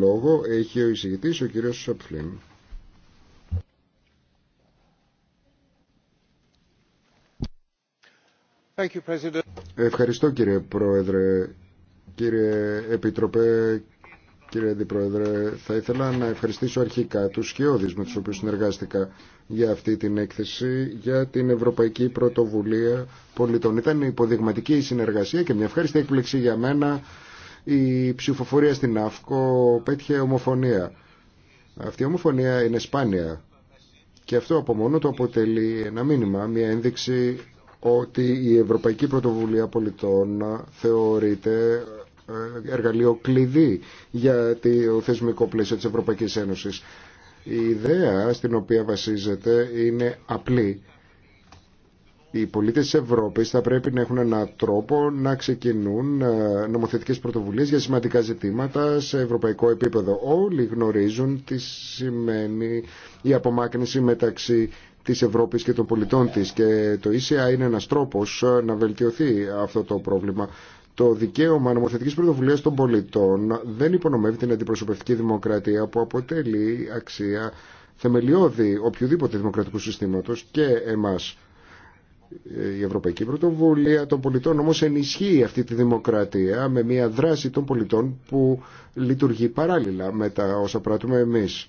λόγο έχει ο εισηγητής ο κύριος Σοπφλίν. Ευχαριστώ κύριε Πρόεδρε, κύριε Επιτροπέ, κύριε Αντιπρόεδρε. Θα ήθελα να ευχαριστήσω αρχικά τους σκιώδεις με τους οποίους συνεργάστηκα για αυτή την έκθεση, για την Ευρωπαϊκή Πρωτοβουλία Πολιτών. Ήταν υποδειγματική η συνεργασία και μια ευχαριστή έκπληξη για μένα η ψηφοφορία στην ΑΦΚΟ πέτυχε ομοφωνία. Αυτή η ομοφωνία είναι σπάνια και αυτό από μόνο το αποτελεί ένα μήνυμα, μια ένδειξη ότι η Ευρωπαϊκή Πρωτοβουλία Πολιτών θεωρείται ε, εργαλείο κλειδί για το θεσμικό πλαίσιο της Ευρωπαϊκής Ένωσης. Η ιδέα στην οποία βασίζεται είναι απλή οι πολίτες της Ευρώπης θα πρέπει να έχουν έναν τρόπο να ξεκινούν ε, νομοθετικές πρωτοβουλίες για σημαντικά ζητήματα σε ευρωπαϊκό επίπεδο. Όλοι γνωρίζουν τι σημαίνει η απομάκρυνση μεταξύ της Ευρώπης και των πολιτών της και το ECI είναι ένας τρόπος ε, να βελτιωθεί αυτό το πρόβλημα. Το δικαίωμα νομοθετικής πρωτοβουλίας των πολιτών δεν υπονομεύει την αντιπροσωπευτική δημοκρατία που αποτελεί αξία θεμελιώδη οποιοδήποτε δημοκρατικού συστήματος και εμάς η Ευρωπαϊκή Πρωτοβουλία των Πολιτών όμως ενισχύει αυτή τη δημοκρατία με μια δράση των πολιτών που λειτουργεί παράλληλα με τα όσα πράττουμε εμείς.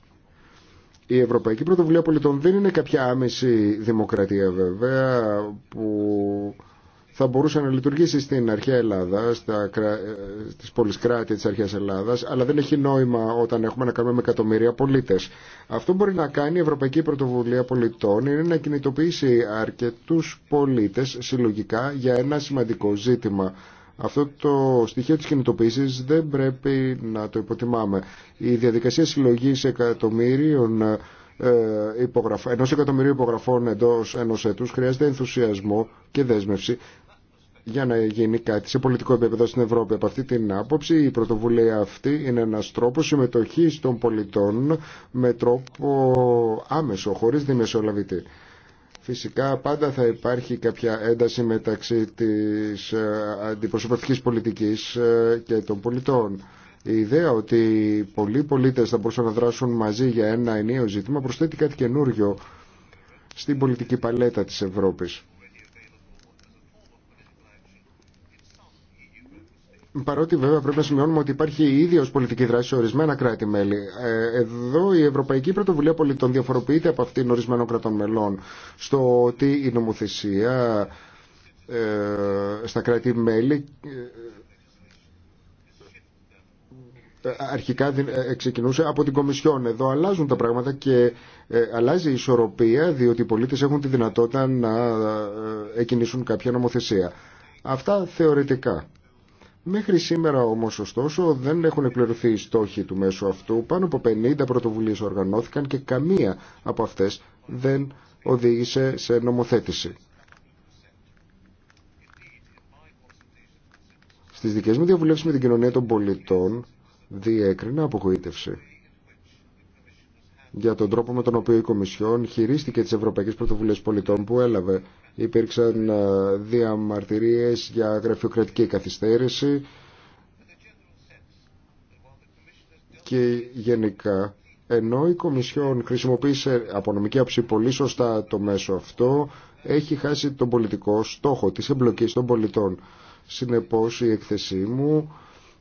Η Ευρωπαϊκή Πρωτοβουλία Πολιτών δεν είναι κάποια άμεση δημοκρατία βέβαια που θα μπορούσε να λειτουργήσει στην αρχαία Ελλάδα, στα, ε, στις τη της αρχαίας Ελλάδας, αλλά δεν έχει νόημα όταν έχουμε να κάνουμε με εκατομμύρια πολίτες. Αυτό μπορεί να κάνει η Ευρωπαϊκή Πρωτοβουλία Πολιτών, είναι να κινητοποιήσει αρκετούς πολίτες συλλογικά για ένα σημαντικό ζήτημα. Αυτό το στοιχείο της κινητοποίησης δεν πρέπει να το υποτιμάμε. Η διαδικασία συλλογής εκατομμύριων ε, ενό εκατομμυρίου υπογραφών εντό ενό έτου χρειάζεται ενθουσιασμό και δέσμευση για να γίνει κάτι σε πολιτικό επίπεδο στην Ευρώπη. Από αυτή την άποψη η πρωτοβουλία αυτή είναι ένας τρόπος συμμετοχής των πολιτών με τρόπο άμεσο, χωρίς δημεσολαβητή. Φυσικά πάντα θα υπάρχει κάποια ένταση μεταξύ της ε, αντιπροσωπευτικής πολιτικής ε, και των πολιτών. Η ιδέα ότι πολλοί πολίτες θα μπορούσαν να δράσουν μαζί για ένα ενίο ζήτημα προσθέτει κάτι καινούριο στην πολιτική παλέτα της Ευρώπης. Παρότι βέβαια πρέπει να σημειώνουμε ότι υπάρχει ίδια ω πολιτική δράση σε ορισμένα κράτη-μέλη. Ε, εδώ η Ευρωπαϊκή Πρωτοβουλία Πολιτών διαφοροποιείται από αυτήν ορισμένων κρατών μελών στο ότι η νομοθεσία ε, στα κράτη-μέλη ε, αρχικά ξεκινούσε από την Κομισιόν. Εδώ αλλάζουν τα πράγματα και αλλάζει η ισορροπία διότι οι πολίτες έχουν τη δυνατότητα να εκινήσουν κάποια νομοθεσία. Αυτά θεωρητικά. Μέχρι σήμερα όμως ωστόσο δεν έχουν εκπληρωθεί οι στόχοι του μέσου αυτού. Πάνω από 50 πρωτοβουλίες οργανώθηκαν και καμία από αυτές δεν οδήγησε σε νομοθέτηση. Στις δικές μου διαβουλεύσεις με την κοινωνία των πολιτών διέκρινα απογοήτευση για τον τρόπο με τον οποίο η Κομισιόν χειρίστηκε τις Ευρωπαϊκές Πρωτοβουλίες Πολιτών που έλαβε. Υπήρξαν ε, διαμαρτυρίες για γραφειοκρατική καθυστέρηση και γενικά ενώ η Κομισιόν χρησιμοποίησε από νομική άψη πολύ σωστά το μέσο αυτό, έχει χάσει τον πολιτικό στόχο της εμπλοκής των πολιτών. Συνεπώς η έκθεσή μου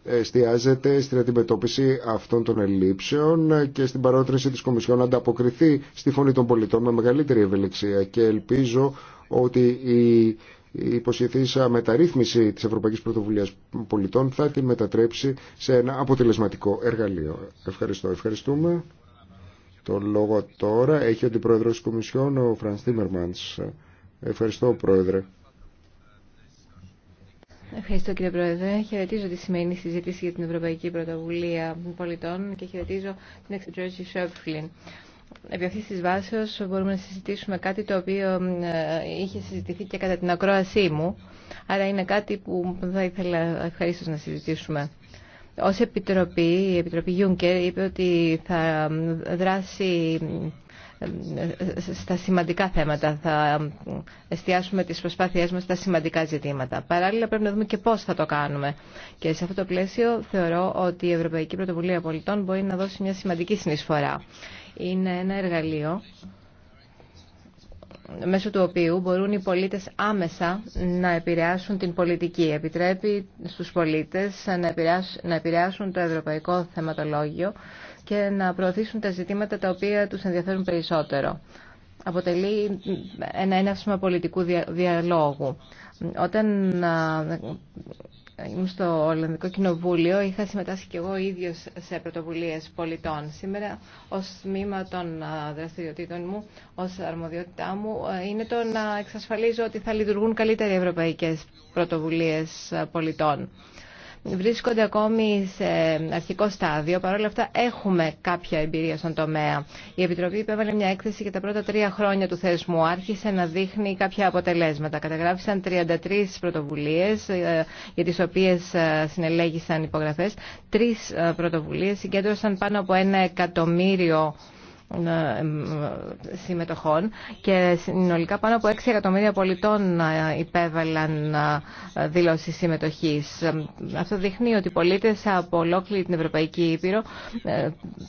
εστιάζεται στην αντιμετώπιση αυτών των ελλείψεων και στην παρότρινση της Κομισιόν να ανταποκριθεί στη φωνή των πολιτών με μεγαλύτερη ευελιξία και ελπίζω ότι η υποσχεθήσα μεταρρύθμιση της Ευρωπαϊκής Πρωτοβουλίας Πολιτών θα τη μετατρέψει σε ένα αποτελεσματικό εργαλείο. Ευχαριστώ. Ευχαριστούμε. Το λόγο τώρα έχει ο Αντιπρόεδρος της Κομισιόν, ο Φρανς Τίμερμαντς. Ευχαριστώ, Πρόεδρε. Ευχαριστώ κύριε Πρόεδρε. Χαιρετίζω τη σημερινή συζήτηση για την Ευρωπαϊκή Πρωτοβουλία Πολιτών και χαιρετίζω την εξετρέψη Σόπφλιν. Επί αυτή τη βάση μπορούμε να συζητήσουμε κάτι το οποίο ε, είχε συζητηθεί και κατά την ακρόασή μου, άρα είναι κάτι που θα ήθελα ευχαριστώ να συζητήσουμε. Ω Επιτροπή, η Επιτροπή Juncker είπε ότι θα δράσει στα σημαντικά θέματα. Θα εστιάσουμε τις προσπάθειές μας στα σημαντικά ζητήματα. Παράλληλα πρέπει να δούμε και πώς θα το κάνουμε. Και σε αυτό το πλαίσιο θεωρώ ότι η Ευρωπαϊκή Πρωτοβουλία Πολιτών μπορεί να δώσει μια σημαντική συνεισφορά. Είναι ένα εργαλείο μέσω του οποίου μπορούν οι πολίτες άμεσα να επηρεάσουν την πολιτική. Επιτρέπει στους πολίτες να να επηρεάσουν το ευρωπαϊκό θεματολόγιο και να προωθήσουν τα ζητήματα τα οποία τους ενδιαφέρουν περισσότερο. Αποτελεί ένα έναυσμα πολιτικού διαλόγου. Όταν ήμουν στο Ολλανδικό Κοινοβούλιο, είχα συμμετάσχει και εγώ ίδιος σε πρωτοβουλίες πολιτών. Σήμερα, ως τμήμα των δραστηριοτήτων μου, ως αρμοδιότητά μου, είναι το να εξασφαλίζω ότι θα λειτουργούν καλύτερα οι ευρωπαϊκές πρωτοβουλίες πολιτών βρίσκονται ακόμη σε αρχικό στάδιο. Παρ' όλα αυτά έχουμε κάποια εμπειρία στον τομέα. Η Επιτροπή υπέβαλε μια έκθεση για τα πρώτα τρία χρόνια του θεσμού. Άρχισε να δείχνει κάποια αποτελέσματα. Καταγράφησαν 33 πρωτοβουλίε ε, για τι οποίε ε, συνελέγησαν υπογραφέ. Τρει ε, πρωτοβουλίε συγκέντρωσαν πάνω από ένα εκατομμύριο ε, ε, συμμετοχών και συνολικά πάνω από 6 εκατομμύρια πολιτών ε, υπέβαλαν δήλωση συμμετοχής. Αυτό δείχνει ότι οι πολίτες από ολόκληρη την Ευρωπαϊκή Ήπειρο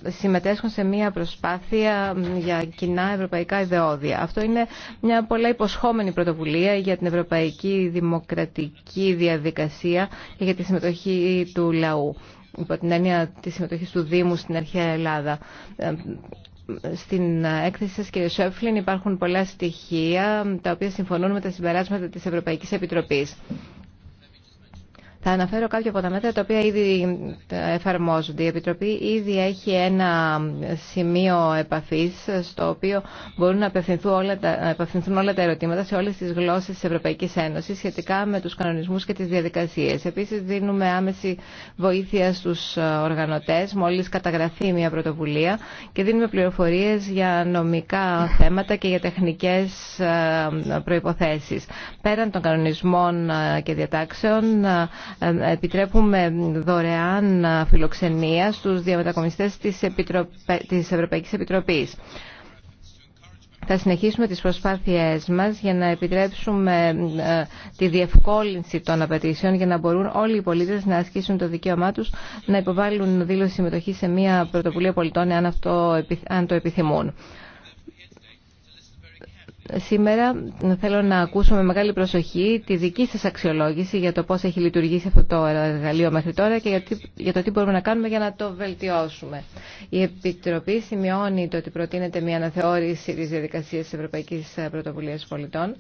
συμμετέσχουν σε μια προσπάθεια για κοινά ευρωπαϊκά ιδεώδια. Αυτό είναι μια πολλά υποσχόμενη πρωτοβουλία για την ευρωπαϊκή δημοκρατική διαδικασία και για τη συμμετοχή του λαού υπό την έννοια της συμμετοχή του Δήμου στην αρχαία Ελλάδα στην έκθεση σας κύριε Σόφλιν υπάρχουν πολλά στοιχεία τα οποία συμφωνούν με τα συμπεράσματα της Ευρωπαϊκής Επιτροπής. Θα αναφέρω κάποια από τα μέτρα τα οποία ήδη ε, εφαρμόζονται. Η Επιτροπή ήδη έχει ένα σημείο επαφής στο οποίο μπορούν να απευθυνθούν όλα τα, απευθυνθούν όλα τα ερωτήματα σε όλες τις γλώσσες της Ευρωπαϊκής Ένωσης σχετικά με τους κανονισμούς και τις διαδικασίες. Επίσης δίνουμε άμεση βοήθεια στους ε, οργανωτές μόλις καταγραφεί μια πρωτοβουλία και δίνουμε πληροφορίες για νομικά θέματα και για τεχνικές ε, προϋποθέσεις. Πέραν των κανονισμών και διατάξεων επιτρέπουμε δωρεάν φιλοξενία στους διαμετακομιστές της, της Ευρωπαϊκής Επιτροπής. Θα συνεχίσουμε τις προσπάθειές μας για να επιτρέψουμε τη διευκόλυνση των απαιτήσεων για να μπορούν όλοι οι πολίτες να ασκήσουν το δικαίωμά τους να υποβάλουν δήλωση συμμετοχή σε μια πρωτοβουλία πολιτών αν, αυτό, αν το επιθυμούν. Σήμερα θέλω να ακούσω με μεγάλη προσοχή τη δική σας αξιολόγηση για το πώς έχει λειτουργήσει αυτό το εργαλείο μέχρι τώρα και για το τι μπορούμε να κάνουμε για να το βελτιώσουμε. Η Επιτροπή σημειώνει το ότι προτείνεται μια αναθεώρηση της διαδικασίας της Ευρωπαϊκής Πρωτοβουλίας Πολιτών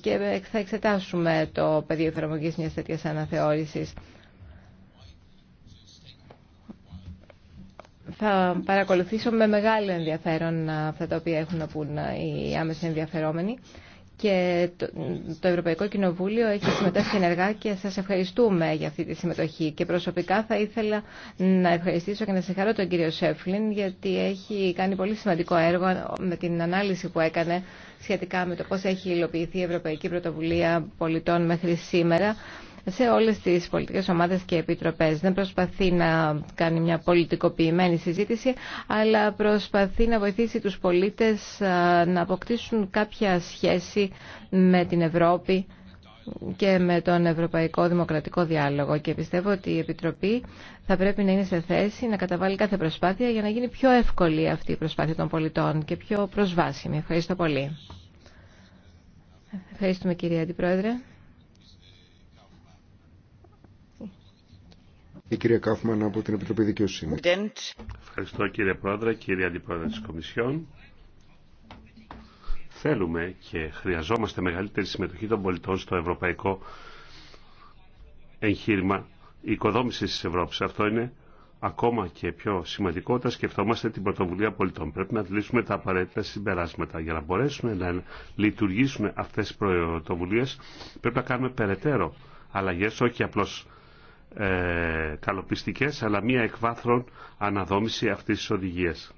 και θα εξετάσουμε το πεδίο εφαρμογής μιας τέτοια αναθεώρησης. Θα παρακολουθήσω με μεγάλο ενδιαφέρον αυτά τα οποία έχουν να πούν οι άμεσα ενδιαφερόμενοι και το, Ευρωπαϊκό Κοινοβούλιο έχει συμμετάσχει ενεργά και σας ευχαριστούμε για αυτή τη συμμετοχή. Και προσωπικά θα ήθελα να ευχαριστήσω και να συγχαρώ τον κύριο Σέφλιν γιατί έχει κάνει πολύ σημαντικό έργο με την ανάλυση που έκανε σχετικά με το πώς έχει υλοποιηθεί η Ευρωπαϊκή Πρωτοβουλία Πολιτών μέχρι σήμερα σε όλες τις πολιτικές ομάδες και επιτροπές. Δεν προσπαθεί να κάνει μια πολιτικοποιημένη συζήτηση, αλλά προσπαθεί να βοηθήσει τους πολίτες να αποκτήσουν κάποια σχέση με την Ευρώπη και με τον Ευρωπαϊκό Δημοκρατικό Διάλογο και πιστεύω ότι η Επιτροπή θα πρέπει να είναι σε θέση να καταβάλει κάθε προσπάθεια για να γίνει πιο εύκολη αυτή η προσπάθεια των πολιτών και πιο προσβάσιμη. Ευχαριστώ πολύ. Ευχαριστούμε κυρία Αντιπρόεδρε. Η κυρία Κάφμαν από την Επιτροπή Δικαιοσύνη. Ευχαριστώ κύριε Πρόεδρε, κύριε Αντιπρόεδρε της Κομισιόν. Θέλουμε και χρειαζόμαστε μεγαλύτερη συμμετοχή των πολιτών στο ευρωπαϊκό εγχείρημα οικοδόμησης τη Ευρώπη. Αυτό είναι ακόμα και πιο σημαντικό όταν σκεφτόμαστε την πρωτοβουλία πολιτών. Πρέπει να λύσουμε τα απαραίτητα συμπεράσματα. Για να μπορέσουμε να λειτουργήσουμε αυτέ οι πρωτοβουλίε πρέπει να κάνουμε περαιτέρω αλλαγέ, όχι απλώ ε, καλοπιστικές αλλά μία εκβάθρον αναδόμηση αυτής της οδηγίας.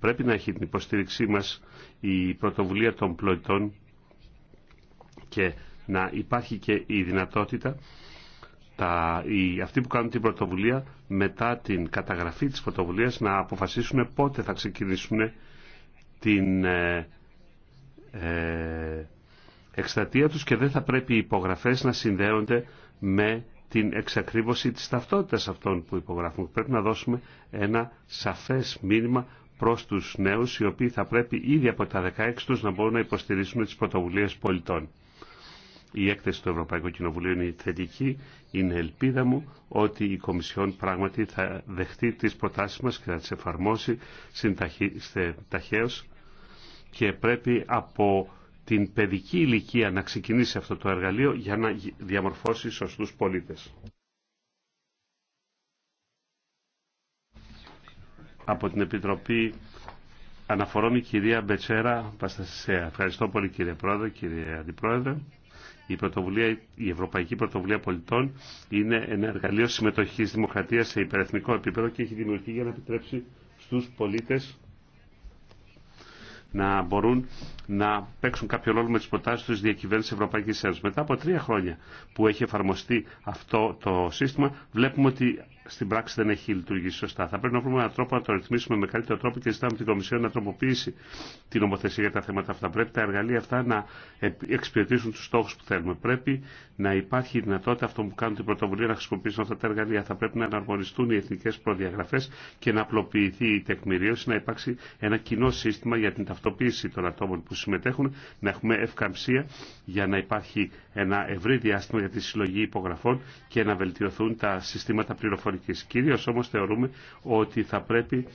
Πρέπει να έχει την υποστήριξή μας η πρωτοβουλία των πλοητών και να υπάρχει και η δυνατότητα τα, οι, αυτοί που κάνουν την πρωτοβουλία μετά την καταγραφή της πρωτοβουλίας να αποφασίσουν πότε θα ξεκινήσουν την ε, ε, τους και δεν θα πρέπει οι υπογραφές να συνδέονται με την εξακρίβωση της ταυτότητας αυτών που υπογράφουν. Πρέπει να δώσουμε ένα σαφές μήνυμα προς τους νέους οι οποίοι θα πρέπει ήδη από τα 16 τους να μπορούν να υποστηρίσουν τις πρωτοβουλίες πολιτών. Η έκθεση του Ευρωπαϊκού Κοινοβουλίου είναι θετική. Είναι ελπίδα μου ότι η Κομισιόν πράγματι θα δεχτεί τις προτάσεις μας και θα τις εφαρμόσει ταχαίως και πρέπει από την παιδική ηλικία να ξεκινήσει αυτό το εργαλείο για να διαμορφώσει σωστούς πολίτες. Από την Επιτροπή αναφορών η κυρία Μπετσέρα Παστασία. Ευχαριστώ πολύ κύριε Πρόεδρε, κύριε Αντιπρόεδρε. Η, η Ευρωπαϊκή Πρωτοβουλία Πολιτών είναι ένα εργαλείο συμμετοχής δημοκρατίας σε υπερεθνικό επίπεδο και έχει δημιουργηθεί για να επιτρέψει στους πολίτες να μπορούν να παίξουν κάποιο ρόλο με τι προτάσει του διακυβέρνηση Ευρωπαϊκή Ένωση. Μετά από τρία χρόνια που έχει εφαρμοστεί αυτό το σύστημα, βλέπουμε ότι στην πράξη δεν έχει λειτουργήσει σωστά. Θα πρέπει να βρούμε έναν τρόπο να το ρυθμίσουμε με καλύτερο τρόπο και ζητάμε την Κομισιόν να τροποποιήσει την νομοθεσία για τα θέματα αυτά. Πρέπει τα εργαλεία αυτά να εξυπηρετήσουν του στόχου που θέλουμε. Πρέπει να υπάρχει δυνατότητα αυτών που κάνουν την πρωτοβουλία να χρησιμοποιήσουν αυτά τα εργαλεία. Θα πρέπει να αναρμονιστούν οι εθνικέ προδιαγραφέ και να απλοποιηθεί η τεκμηρίωση, να υπάρξει ένα κοινό σύστημα για την ταυτοποίηση των ατόμων που συμμετέχουν, να έχουμε ευκαμψία για να υπάρχει ένα ευρύ διάστημα για τη συλλογή υπογραφών και να βελτιωθούν τα συστήματα πληροφορία Ανατολικής. Κυρίως όμως θεωρούμε ότι θα πρέπει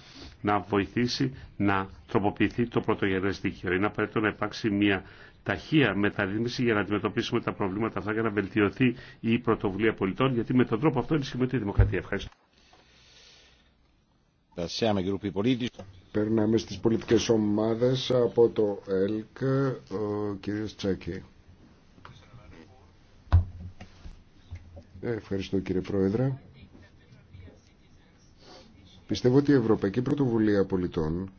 να βοηθήσει να τροποποιηθεί το πρωτογενές δίκαιο. Είναι απαραίτητο να υπάρξει μια ταχεία μεταρρύθμιση για να αντιμετωπίσουμε τα προβλήματα αυτά, για να βελτιωθεί η πρωτοβουλία πολιτών, γιατί με τον τρόπο αυτό ενισχύουμε τη δημοκρατία. Ευχαριστώ. Περνάμε στις πολιτικές ομάδες από το ΕΛΚ, ο Τσάκη. Ε, ευχαριστώ κύριε Πρόεδρε. Πιστεύω ότι η Ευρωπαϊκή Πρωτοβουλία Πολιτών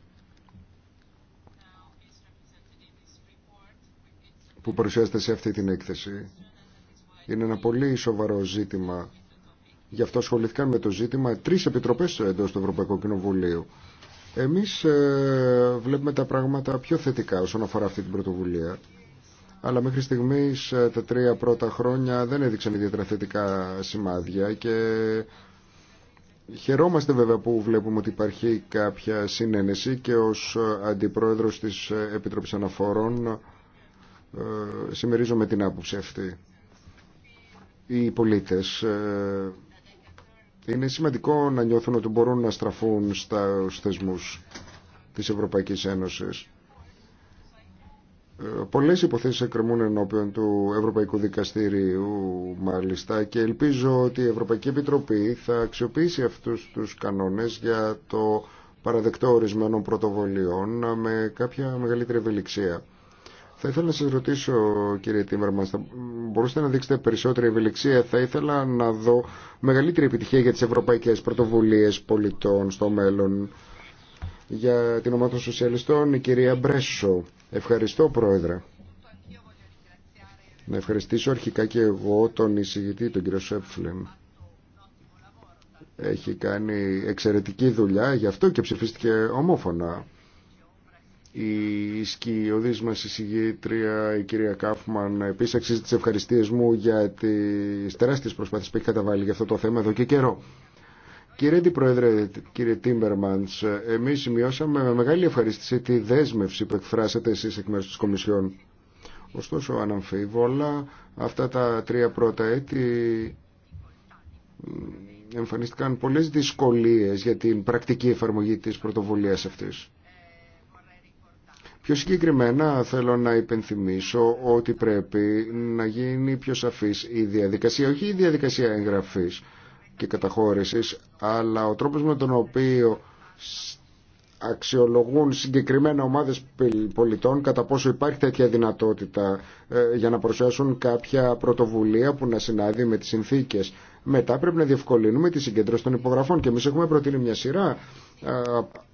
που παρουσιάζεται σε αυτή την έκθεση είναι ένα πολύ σοβαρό ζήτημα. Γι' αυτό ασχοληθήκαν με το ζήτημα τρεις επιτροπές εντός του Ευρωπαϊκού Κοινοβουλίου. Εμείς ε, βλέπουμε τα πράγματα πιο θετικά όσον αφορά αυτή την πρωτοβουλία. Αλλά μέχρι στιγμής ε, τα τρία πρώτα χρόνια δεν έδειξαν ιδιαίτερα θετικά σημάδια και Χαιρόμαστε βέβαια που βλέπουμε ότι υπάρχει κάποια συνένεση και ως Αντιπρόεδρος της Επιτροπής Αναφορών ε, συμμερίζομαι την άποψη αυτή. Οι πολίτες ε, είναι σημαντικό να νιώθουν ότι μπορούν να στραφούν στα θεσμούς της Ευρωπαϊκής Ένωσης. Πολλέ υποθέσει εκκρεμούν ενώπιον του Ευρωπαϊκού Δικαστηρίου μάλιστα και ελπίζω ότι η Ευρωπαϊκή Επιτροπή θα αξιοποιήσει αυτού τους κανόνε για το παραδεκτό ορισμένων πρωτοβολιών με κάποια μεγαλύτερη ευελιξία. Θα ήθελα να σα ρωτήσω κύριε Τίμερμαν, θα μπορούσατε να δείξετε περισσότερη ευελιξία. Θα ήθελα να δω μεγαλύτερη επιτυχία για τι ευρωπαϊκέ πρωτοβουλίε πολιτών στο μέλλον. Για την ομάδα των σοσιαλιστών η κυρία Μπρέσο. Ευχαριστώ Πρόεδρε. Να ευχαριστήσω αρχικά και εγώ τον εισηγητή, τον κύριο Σέπφλεν. Έχει κάνει εξαιρετική δουλειά, γι' αυτό και ψηφίστηκε ομόφωνα. Η σκιωδής μας εισηγήτρια, η κυρία Κάφμαν, επίσης αξίζει τις ευχαριστίες μου για τις τεράστιες προσπάθειες που έχει καταβάλει για αυτό το θέμα εδώ και καιρό. Κύριε Αντιπρόεδρε, κύριε Τίμπερμαντς, εμείς σημειώσαμε με μεγάλη ευχαρίστηση τη δέσμευση που εκφράσατε εσείς εκ μέρους της Κομισιόν. Ωστόσο, αναμφίβολα, αυτά τα τρία πρώτα έτη εμφανίστηκαν πολλές δυσκολίες για την πρακτική εφαρμογή της πρωτοβουλίας αυτής. Πιο συγκεκριμένα θέλω να υπενθυμίσω ότι πρέπει να γίνει πιο σαφής η διαδικασία, όχι η διαδικασία εγγραφής, και καταχώρησης, αλλά ο τρόπος με τον οποίο αξιολογούν συγκεκριμένα ομάδες πολιτών κατά πόσο υπάρχει τέτοια δυνατότητα ε, για να προσφέρουν κάποια πρωτοβουλία που να συνάδει με τις συνθήκες. Μετά πρέπει να διευκολύνουμε τη συγκέντρωση των υπογραφών και εμεί έχουμε προτείνει μια σειρά ε,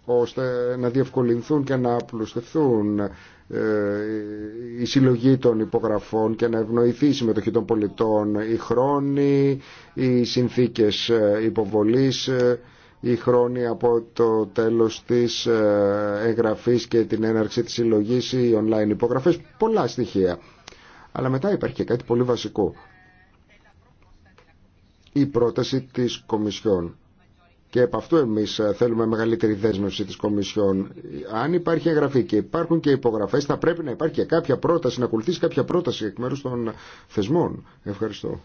ώστε να διευκολυνθούν και να απλουστευτούν ε, η συλλογή των υπογραφών και να ευνοηθεί η συμμετοχή των πολιτών, οι χρόνη, οι συνθήκες ε, υποβολής, ε, η χρόνη από το τέλος της εγγραφής και την έναρξη της συλλογής, οι online υπογραφές, πολλά στοιχεία. Αλλά μετά υπάρχει και κάτι πολύ βασικό. Η πρόταση της Κομισιόν και από αυτού εμείς ε, θέλουμε μεγαλύτερη δέσμευση τη Κομισιόν. Αν υπάρχει εγγραφή και υπάρχουν και υπογραφές, θα πρέπει να υπάρχει και κάποια πρόταση, να ακολουθήσει κάποια πρόταση εκ μέρου των θεσμών. Ευχαριστώ.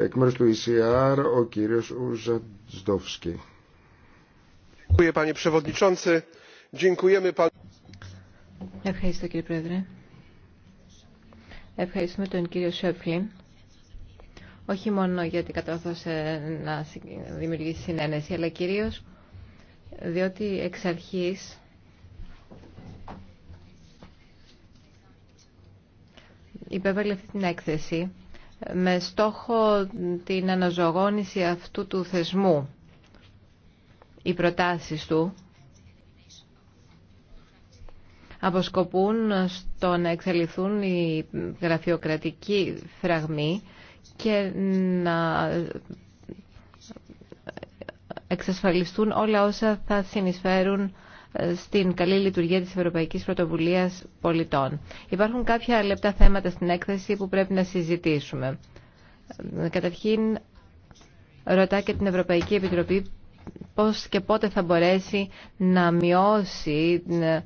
Εκ μέρου του ECR, ο κύριος Ουζαντζόφσκι. Ευχαριστώ κύριε Πρόεδρε. Ευχαριστούμε τον κύριο Σέφλιν όχι μόνο γιατί κατόρθωσε να δημιουργήσει συνένεση, αλλά κυρίως διότι εξ αρχής υπέβαλε αυτή την έκθεση με στόχο την αναζωογόνηση αυτού του θεσμού. Οι προτάσεις του αποσκοπούν στο να εξελιχθούν οι γραφειοκρατικοί φραγμοί και να εξασφαλιστούν όλα όσα θα συνεισφέρουν ε, στην καλή λειτουργία της Ευρωπαϊκής Πρωτοβουλίας Πολιτών. Υπάρχουν κάποια λεπτά θέματα στην έκθεση που πρέπει να συζητήσουμε. Ε, καταρχήν, ρωτά και την Ευρωπαϊκή Επιτροπή πώς και πότε θα μπορέσει να μειώσει ε,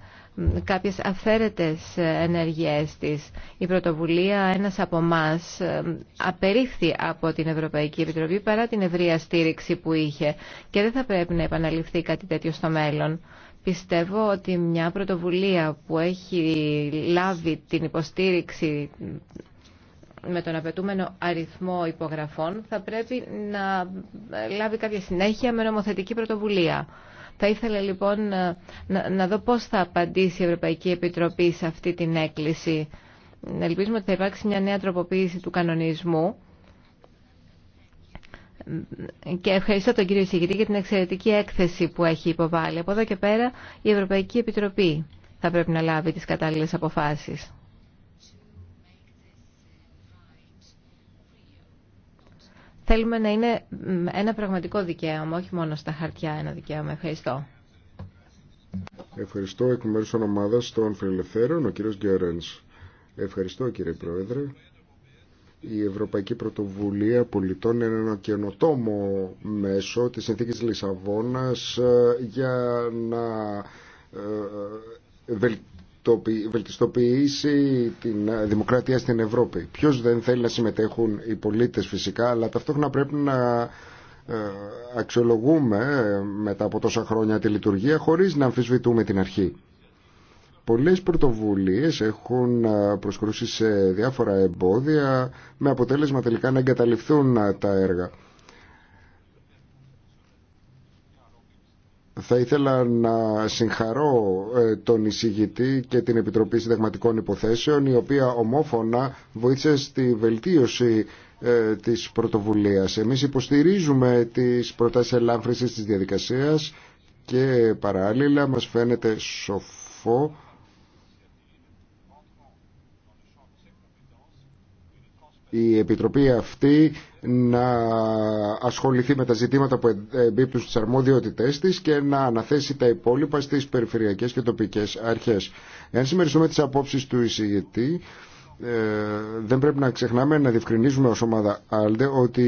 κάποιες αυθαίρετες ενεργειές της. Η πρωτοβουλία «Ένας από εμά απερίφθη από την Ευρωπαϊκή Επιτροπή παρά την ευρεία στήριξη που είχε και δεν θα πρέπει να επαναληφθεί κάτι τέτοιο στο μέλλον. Πιστεύω ότι μια πρωτοβουλία που έχει λάβει την υποστήριξη με τον απαιτούμενο αριθμό υπογραφών θα πρέπει να λάβει κάποια συνέχεια με νομοθετική πρωτοβουλία. Θα ήθελα λοιπόν να, να δω πώς θα απαντήσει η Ευρωπαϊκή Επιτροπή σε αυτή την έκκληση. Ελπίζουμε ότι θα υπάρξει μια νέα τροποποίηση του κανονισμού. Και ευχαριστώ τον κύριο Σιγητή για την εξαιρετική έκθεση που έχει υποβάλει. Από εδώ και πέρα η Ευρωπαϊκή Επιτροπή θα πρέπει να λάβει τις κατάλληλες αποφάσεις. Θέλουμε να είναι ένα πραγματικό δικαίωμα, όχι μόνο στα χαρτιά ένα δικαίωμα. Ευχαριστώ. Ευχαριστώ εκ μέρους ομάδας των Φιλελευθέρων, ο κύριος Γκέρενς. Ευχαριστώ κύριε Πρόεδρε. Η Ευρωπαϊκή Πρωτοβουλία Πολιτών είναι ένα καινοτόμο μέσο της συνθήκης Λισαβόνας ε, για να ε, ε, βελτιστοποιήσει τη ε, δημοκρατία στην Ευρώπη. Ποιο δεν θέλει να συμμετέχουν οι πολίτες φυσικά, αλλά ταυτόχρονα πρέπει να ε, αξιολογούμε ε, μετά από τόσα χρόνια τη λειτουργία χωρίς να αμφισβητούμε την αρχή. Πολλές πρωτοβουλίες έχουν προσκρούσει σε διάφορα εμπόδια με αποτέλεσμα τελικά να εγκαταλειφθούν τα έργα. Θα ήθελα να συγχαρώ ε, τον εισηγητή και την Επιτροπή Συνταγματικών Υποθέσεων η οποία ομόφωνα βοήθησε στη βελτίωση ε, της πρωτοβουλίας. Εμείς υποστηρίζουμε τις προτάσεις ελάμφρυσης της διαδικασίας και παράλληλα μας φαίνεται σοφό η Επιτροπή αυτή να ασχοληθεί με τα ζητήματα που εμπίπτουν στις αρμόδιότητές της και να αναθέσει τα υπόλοιπα στις περιφερειακές και τοπικές αρχές. Εάν συμμεριστούμε τις απόψεις του εισηγητή, ε, δεν πρέπει να ξεχνάμε να διευκρινίζουμε ως ομάδα ALDE ότι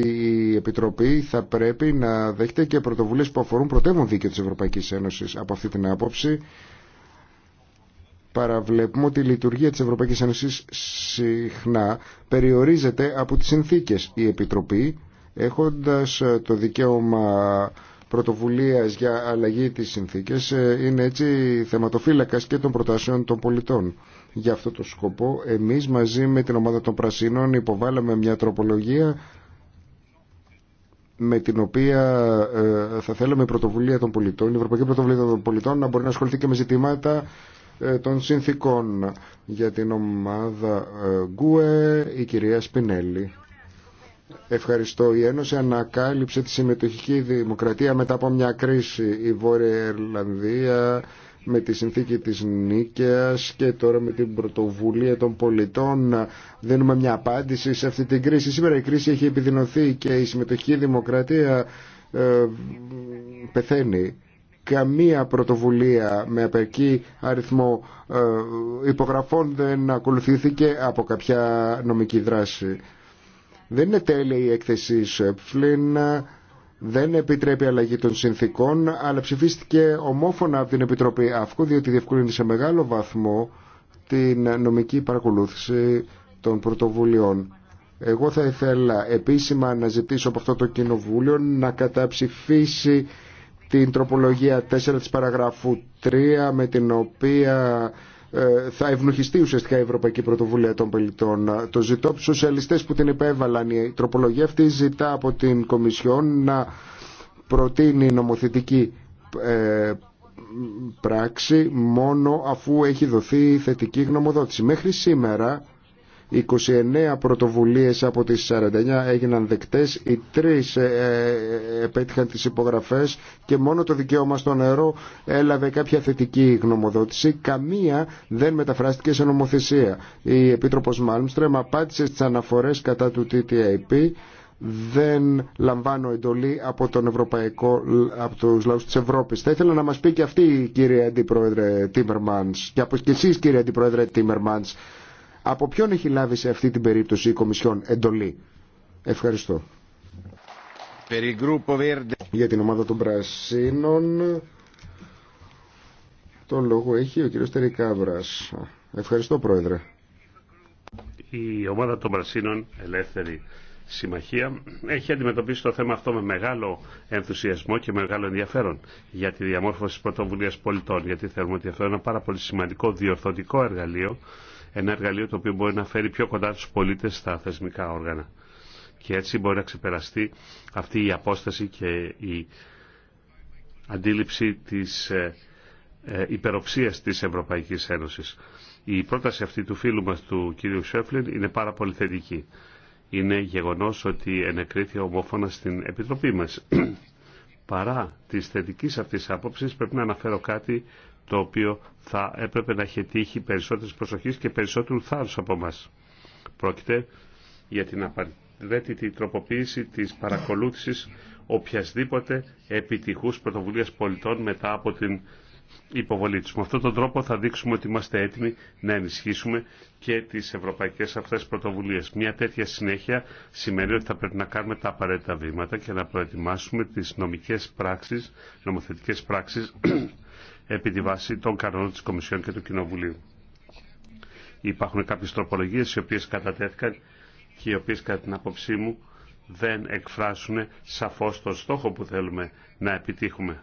η Επιτροπή θα πρέπει να δέχεται και πρωτοβουλίες που αφορούν πρωτεύουν δίκαιο της Ευρωπαϊκής Ένωσης από αυτή την άποψη παραβλέπουμε ότι η λειτουργία της Ευρωπαϊκής Ένωσης συχνά περιορίζεται από τις συνθήκες. Η Επιτροπή, έχοντας ε, το δικαίωμα πρωτοβουλίας για αλλαγή της συνθήκες, ε, είναι έτσι θεματοφύλακας και των προτάσεων των πολιτών. Για αυτό το σκοπό, εμείς μαζί με την ομάδα των Πρασίνων υποβάλαμε μια τροπολογία με την οποία ε, θα θέλαμε η πρωτοβουλία των πολιτών, η Ευρωπαϊκή Πρωτοβουλία των Πολιτών να μπορεί να ασχοληθεί και με ζητήματα ε, των συνθήκων για την ομάδα ε, Γκουε η κυρία Σπινέλη. Ευχαριστώ. Η Ένωση ανακάλυψε τη συμμετοχική δημοκρατία μετά από μια κρίση. Η Βόρεια Ιρλανδία με τη συνθήκη της Νίκαιας και τώρα με την πρωτοβουλία των πολιτών δίνουμε μια απάντηση σε αυτή την κρίση. Σήμερα η κρίση έχει επιδεινωθεί και η συμμετοχική δημοκρατία ε, πεθαίνει καμία πρωτοβουλία με απερκή αριθμό ε, υπογραφών δεν ακολουθήθηκε από κάποια νομική δράση. Δεν είναι τέλεια η έκθεση Σέπφλιν, δεν επιτρέπει αλλαγή των συνθήκων, αλλά ψηφίστηκε ομόφωνα από την Επιτροπή ΑΦΚΟ, διότι διευκολύνει σε μεγάλο βαθμό την νομική παρακολούθηση των πρωτοβουλειών. Εγώ θα ήθελα επίσημα να ζητήσω από αυτό το Κοινοβούλιο να καταψηφίσει την τροπολογία 4 της παραγράφου 3 με την οποία ε, θα ευνοχιστεί ουσιαστικά η Ευρωπαϊκή Πρωτοβουλία των Πολιτών. Το ζητώ από σοσιαλιστές που την επέβαλαν. Η τροπολογία αυτή ζητά από την Κομισιόν να προτείνει νομοθετική ε, πράξη μόνο αφού έχει δοθεί θετική γνωμοδότηση. Μέχρι σήμερα 29 πρωτοβουλίες από τις 49 έγιναν δεκτές, οι τρεις ε, ε, ε, επέτυχαν τις υπογραφές και μόνο το δικαίωμα στο νερό έλαβε κάποια θετική γνωμοδότηση. Καμία δεν μεταφράστηκε σε νομοθεσία. Η Επίτροπος Μάλμστρεμ απάντησε στις αναφορές κατά του TTIP δεν λαμβάνω εντολή από, τον Ευρωπαϊκό, από τους λαούς της Ευρώπης. Θα ήθελα να μας πει και αυτή η κυρία Αντιπρόεδρε Τίμερμανς και από και εσείς κύριε Αντιπρόεδρε Τίμερμανς από ποιον έχει λάβει σε αυτή την περίπτωση η Κομισιόν εντολή. Ευχαριστώ. Για την ομάδα των Πρασίνων το λόγο έχει ο κύριος Τερικάβρας. Ευχαριστώ Πρόεδρε. Η ομάδα των Πρασίνων Ελεύθερη Συμμαχία έχει αντιμετωπίσει το θέμα αυτό με μεγάλο ενθουσιασμό και μεγάλο ενδιαφέρον για τη διαμόρφωση πρωτοβουλία πολιτών, γιατί θεωρούμε ότι αυτό είναι ένα πάρα πολύ σημαντικό διορθωτικό εργαλείο ένα εργαλείο το οποίο μπορεί να φέρει πιο κοντά τους πολίτες στα θεσμικά όργανα. Και έτσι μπορεί να ξεπεραστεί αυτή η απόσταση και η αντίληψη της ε, ε, υπεροψίας της Ευρωπαϊκής Ένωσης. Η πρόταση αυτή του φίλου μας, του κ. Σέφλιν, είναι πάρα πολύ θετική. Είναι γεγονός ότι ενεκρίθη ομόφωνα στην Επιτροπή μας. Παρά της θετικής αυτής άποψης πρέπει να αναφέρω κάτι το οποίο θα έπρεπε να έχει τύχει περισσότερης προσοχής και περισσότερου θάρρους από μας. Πρόκειται για την απαραίτητη τροποποίηση της παρακολούθησης οποιασδήποτε επιτυχούς πρωτοβουλίας πολιτών μετά από την υποβολή τους. Με αυτόν τον τρόπο θα δείξουμε ότι είμαστε έτοιμοι να ενισχύσουμε και τις ευρωπαϊκές αυτές πρωτοβουλίες. Μια τέτοια συνέχεια σημαίνει ότι θα πρέπει να κάνουμε τα απαραίτητα βήματα και να προετοιμάσουμε τις νομικές πράξεις, νομοθετικές πράξεις επί τη βάση των κανόνων της Κομισιόν και του Κοινοβουλίου. Υπάρχουν κάποιες τροπολογίες οι οποίες κατατέθηκαν και οι οποίες κατά την άποψή μου δεν εκφράσουν σαφώς τον στόχο που θέλουμε να επιτύχουμε.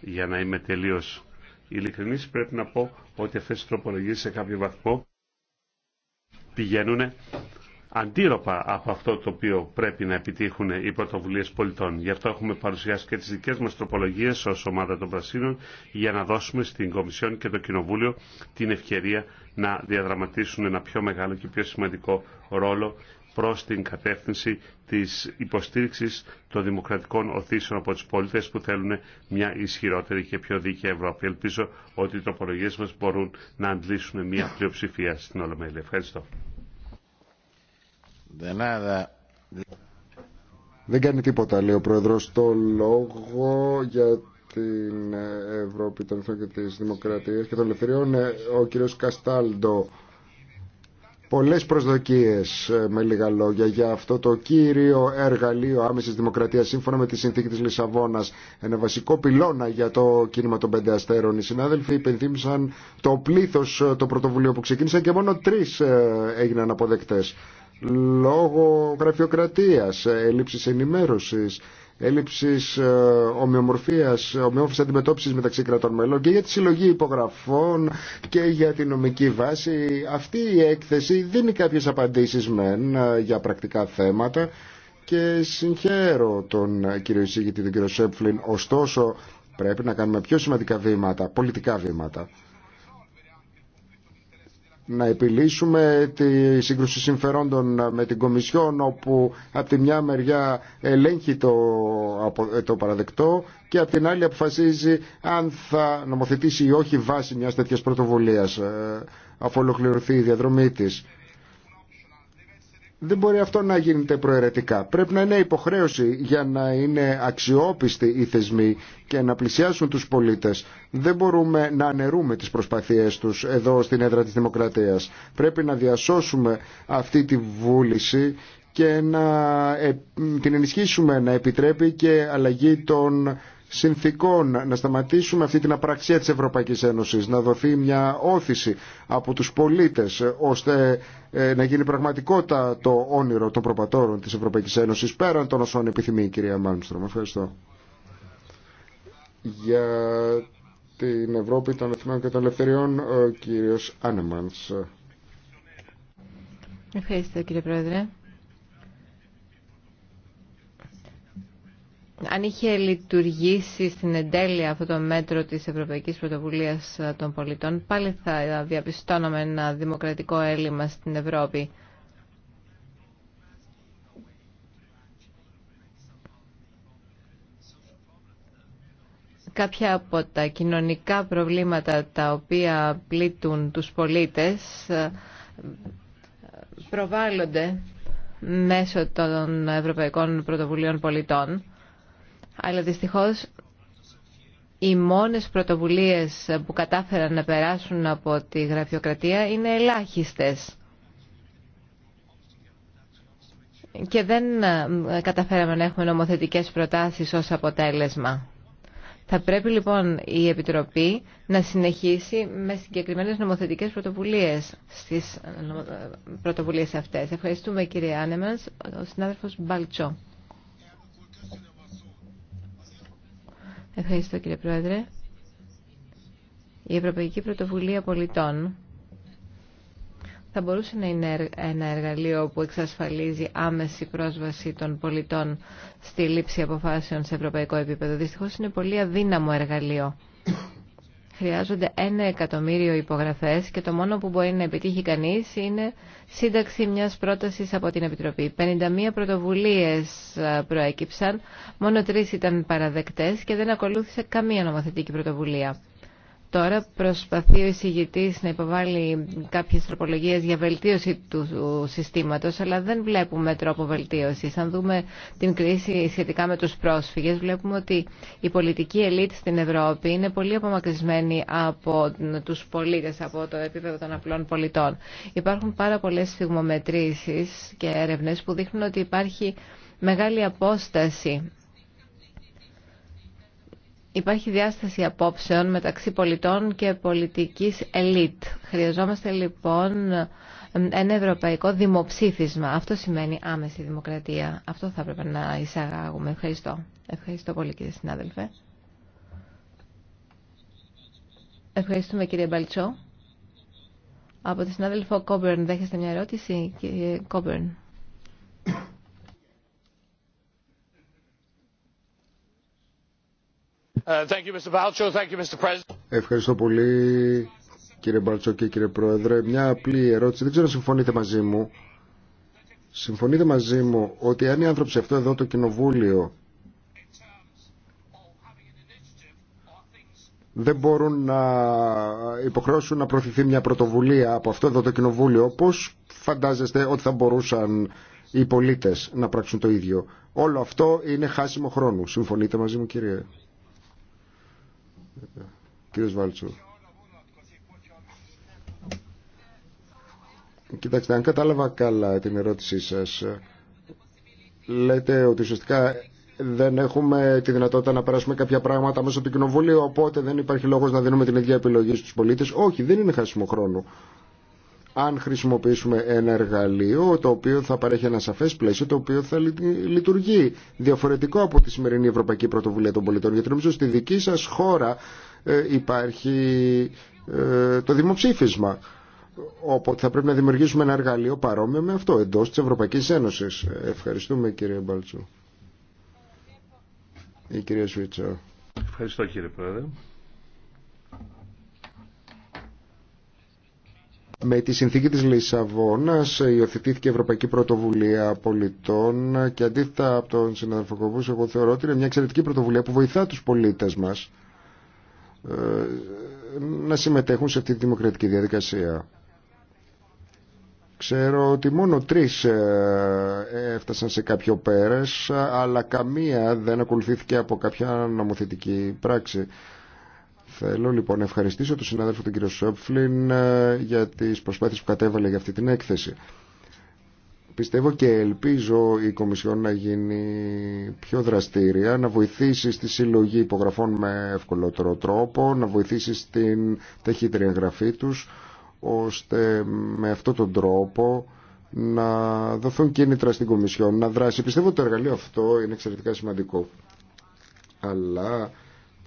Για να είμαι τελείως ειλικρινής πρέπει να πω ότι αυτές οι τροπολογίες σε κάποιο βαθμό πηγαίνουν αντίρροπα από αυτό το οποίο πρέπει να επιτύχουν οι πρωτοβουλίε πολιτών. Γι' αυτό έχουμε παρουσιάσει και τι δικέ μα τροπολογίε ω ομάδα των Πρασίνων για να δώσουμε στην Κομισιόν και το Κοινοβούλιο την ευκαιρία να διαδραματίσουν ένα πιο μεγάλο και πιο σημαντικό ρόλο προ την κατεύθυνση τη υποστήριξη των δημοκρατικών οθήσεων από του πολίτες που θέλουν μια ισχυρότερη και πιο δίκαιη Ευρώπη. Ελπίζω ότι οι τροπολογίε μα μπορούν να αντλήσουν μια πλειοψηφία στην Ολομέλεια. Ευχαριστώ. Δεν κάνει τίποτα, λέει ο Πρόεδρο. Το λόγο για την Ευρώπη των Εθνών και τη Δημοκρατία και των Ελευθεριών, ε, ο κ. Καστάλντο. Πολλέ προσδοκίε, ε, με λίγα λόγια, για αυτό το κύριο εργαλείο άμεση δημοκρατία σύμφωνα με τη συνθήκη τη Λισαβόνα. Ένα βασικό πυλώνα για το κίνημα των Πέντε Αστέρων. Οι συνάδελφοι υπενθύμησαν το πλήθο ε, το πρωτοβουλίο που ξεκίνησε και μόνο τρει έγιναν αποδεκτέ λόγω γραφειοκρατίας, έλλειψης ενημέρωσης, έλλειψης ε, ομοιομορφίας, ομοιόμορφης αντιμετώπισης μεταξύ κρατών μελών και για τη συλλογή υπογραφών και για την νομική βάση. Αυτή η έκθεση δίνει κάποιες απαντήσεις μεν ε, για πρακτικά θέματα και συγχαίρω τον ε, κύριο εισηγητή, τον κύριο Σέπφλιν. Ωστόσο, πρέπει να κάνουμε πιο σημαντικά βήματα, πολιτικά βήματα να επιλύσουμε τη σύγκρουση συμφερόντων με την Κομισιόν όπου από τη μια μεριά ελέγχει το, το παραδεκτό και από την άλλη αποφασίζει αν θα νομοθετήσει ή όχι βάση μιας τέτοιας πρωτοβουλίας ε, αφού ολοκληρωθεί η διαδρομή της δεν μπορεί αυτό να γίνεται προαιρετικά. Πρέπει να είναι υποχρέωση για να είναι αξιόπιστοι οι θεσμοί και να πλησιάσουν τους πολίτες. Δεν μπορούμε να αναιρούμε τις προσπαθίες τους εδώ στην έδρα της Δημοκρατίας. Πρέπει να διασώσουμε αυτή τη βούληση και να ε, την ενισχύσουμε να επιτρέπει και αλλαγή των συνθήκων να σταματήσουμε αυτή την απραξία της Ευρωπαϊκής Ένωσης, να δοθεί μια όθηση από τους πολίτες ώστε ε, να γίνει πραγματικότητα το όνειρο των προπατόρων της Ευρωπαϊκής Ένωσης πέραν των όσων επιθυμεί η κυρία Μάλμστρομ. Ευχαριστώ. Για την Ευρώπη των Εθνών και των Ελευθεριών, ο κύριος Άνεμανς. Ευχαριστώ κύριε Πρόεδρε. αν είχε λειτουργήσει στην εντέλεια αυτό το μέτρο της Ευρωπαϊκής Πρωτοβουλίας των Πολιτών, πάλι θα διαπιστώναμε ένα δημοκρατικό έλλειμμα στην Ευρώπη. Κάποια από τα κοινωνικά προβλήματα τα οποία πλήττουν τους πολίτες ε, προβάλλονται μέσω των Ευρωπαϊκών Πρωτοβουλίων Πολιτών αλλά δυστυχώς οι μόνες πρωτοβουλίες που κατάφεραν να περάσουν από τη γραφειοκρατία είναι ελάχιστες. Και δεν ε, καταφέραμε να έχουμε νομοθετικές προτάσεις ως αποτέλεσμα. Θα πρέπει λοιπόν η Επιτροπή να συνεχίσει με συγκεκριμένες νομοθετικές πρωτοβουλίες στις ε, ε, πρωτοβουλίες αυτές. Ευχαριστούμε κύριε Άνεμανς, ο συνάδελφος Μπαλτσό. Ευχαριστώ κύριε Πρόεδρε. Η Ευρωπαϊκή Πρωτοβουλία Πολιτών θα μπορούσε να είναι ένα εργαλείο που εξασφαλίζει άμεση πρόσβαση των πολιτών στη λήψη αποφάσεων σε ευρωπαϊκό επίπεδο. Δυστυχώς είναι πολύ αδύναμο εργαλείο χρειάζονται ένα εκατομμύριο υπογραφές και το μόνο που μπορεί να επιτύχει κανείς είναι σύνταξη μιας πρότασης από την Επιτροπή. 51 πρωτοβουλίες ε, προέκυψαν, μόνο τρεις ήταν παραδεκτές και δεν ακολούθησε καμία νομοθετική πρωτοβουλία. Τώρα προσπαθεί ο εισηγητή να υποβάλει κάποιες τροπολογίε για βελτίωση του συστήματος, αλλά δεν βλέπουμε τρόπο βελτίωση. Αν δούμε την κρίση σχετικά με τους πρόσφυγες, βλέπουμε ότι η πολιτική ελίτ στην Ευρώπη είναι πολύ απομακρυσμένη από τους πολίτες, από το επίπεδο των απλών πολιτών. Υπάρχουν πάρα πολλέ και έρευνε που δείχνουν ότι υπάρχει μεγάλη απόσταση Υπάρχει διάσταση απόψεων μεταξύ πολιτών και πολιτικής ελίτ. Χρειαζόμαστε λοιπόν ένα ευρωπαϊκό δημοψήφισμα. Αυτό σημαίνει άμεση δημοκρατία. Αυτό θα έπρεπε να εισαγάγουμε. Ευχαριστώ. Ευχαριστώ πολύ κύριε συνάδελφε. Ευχαριστούμε κύριε Μπαλτσό. Από τη συνάδελφο Κόμπερν δέχεστε μια ερώτηση κύριε Κόμπερν. Uh, Ευχαριστώ πολύ κύριε Μπαλτσό και κύριε Πρόεδρε. Μια απλή ερώτηση. Δεν ξέρω αν συμφωνείτε μαζί μου. Συμφωνείτε μαζί μου ότι αν οι άνθρωποι σε αυτό εδώ το κοινοβούλιο δεν μπορούν να υποχρεώσουν να προωθηθεί μια πρωτοβουλία από αυτό εδώ το κοινοβούλιο, πώς φαντάζεστε ότι θα μπορούσαν οι πολίτες να πράξουν το ίδιο. Όλο αυτό είναι χάσιμο χρόνο. Συμφωνείτε μαζί μου κύριε Κύριος Βάλτσο, Κοιτάξτε, αν κατάλαβα καλά την ερώτησή σας, λέτε ότι ουσιαστικά δεν έχουμε τη δυνατότητα να περάσουμε κάποια πράγματα μέσα το κοινοβούλιο, οπότε δεν υπάρχει λόγος να δίνουμε την ίδια επιλογή στους πολίτες. Όχι, δεν είναι χάσιμο χρόνο αν χρησιμοποιήσουμε ένα εργαλείο το οποίο θα παρέχει ένα σαφές πλαίσιο το οποίο θα λειτουργεί διαφορετικό από τη σημερινή Ευρωπαϊκή Πρωτοβουλία των Πολιτών γιατί νομίζω στη δική σας χώρα ε, υπάρχει ε, το δημοψήφισμα οπότε θα πρέπει να δημιουργήσουμε ένα εργαλείο παρόμοιο με αυτό εντός της Ευρωπαϊκής Ένωσης Ευχαριστούμε κύριε Μπαλτσού Η κυρία Σουίτσα Ευχαριστώ κύριε Πρόεδρε Με τη συνθήκη της Λισαβόνας υιοθετήθηκε η Ευρωπαϊκή Πρωτοβουλία Πολιτών και αντίθετα από τον συναδελφό εγώ θεωρώ ότι είναι μια εξαιρετική πρωτοβουλία που βοηθά τους πολίτες μας ε, να συμμετέχουν σε αυτή τη δημοκρατική διαδικασία. Ξέρω ότι μόνο τρεις ε, έφτασαν σε κάποιο πέρας, αλλά καμία δεν ακολουθήθηκε από κάποια νομοθετική πράξη. Θέλω λοιπόν να ευχαριστήσω τον συνάδελφο τον κύριο Σόπφλιν ε, για τις προσπάθειες που κατέβαλε για αυτή την έκθεση. Πιστεύω και ελπίζω η Κομισιόν να γίνει πιο δραστήρια, να βοηθήσει στη συλλογή υπογραφών με ευκολότερο τρόπο, να βοηθήσει στην ταχύτερη εγγραφή τους, ώστε με αυτόν τον τρόπο να δοθούν κίνητρα στην Κομισιόν να δράσει. Πιστεύω ότι το εργαλείο αυτό είναι εξαιρετικά σημαντικό. Αλλά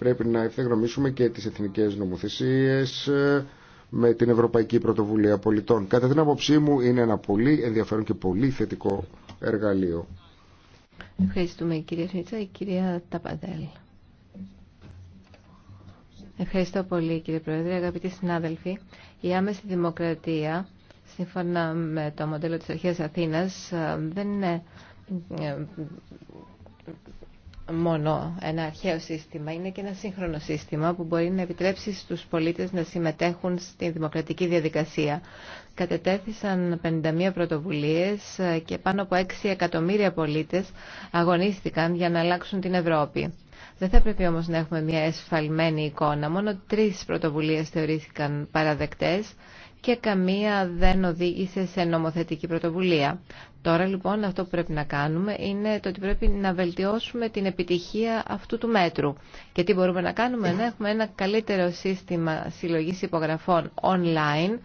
Πρέπει να ευθυγραμμίσουμε και τις εθνικές νομοθεσίες ε, με την Ευρωπαϊκή Πρωτοβουλία Πολιτών. Κατά την άποψή μου είναι ένα πολύ ενδιαφέρον και πολύ θετικό εργαλείο. Ευχαριστούμε κυρία Σνίτσα και κυρία Ταπαντέλ. Ευχαριστώ πολύ κύριε Πρόεδρε, αγαπητοί συνάδελφοι. Η άμεση δημοκρατία, σύμφωνα με το μοντέλο της Αρχαίας Αθήνας, ε, δεν είναι ε, μόνο ένα αρχαίο σύστημα, είναι και ένα σύγχρονο σύστημα που μπορεί να επιτρέψει στους πολίτες να συμμετέχουν στη δημοκρατική διαδικασία. Κατετέθησαν 51 πρωτοβουλίες και πάνω από 6 εκατομμύρια πολίτες αγωνίστηκαν για να αλλάξουν την Ευρώπη. Δεν θα πρέπει όμως να έχουμε μια εσφαλμένη εικόνα. Μόνο τρεις πρωτοβουλίες θεωρήθηκαν παραδεκτές και καμία δεν οδήγησε σε νομοθετική πρωτοβουλία. Τώρα λοιπόν αυτό που πρέπει να κάνουμε είναι το ότι πρέπει να βελτιώσουμε την επιτυχία αυτού του μέτρου. Και τι μπορούμε να κάνουμε, να έχουμε ένα καλύτερο σύστημα συλλογής υπογραφών online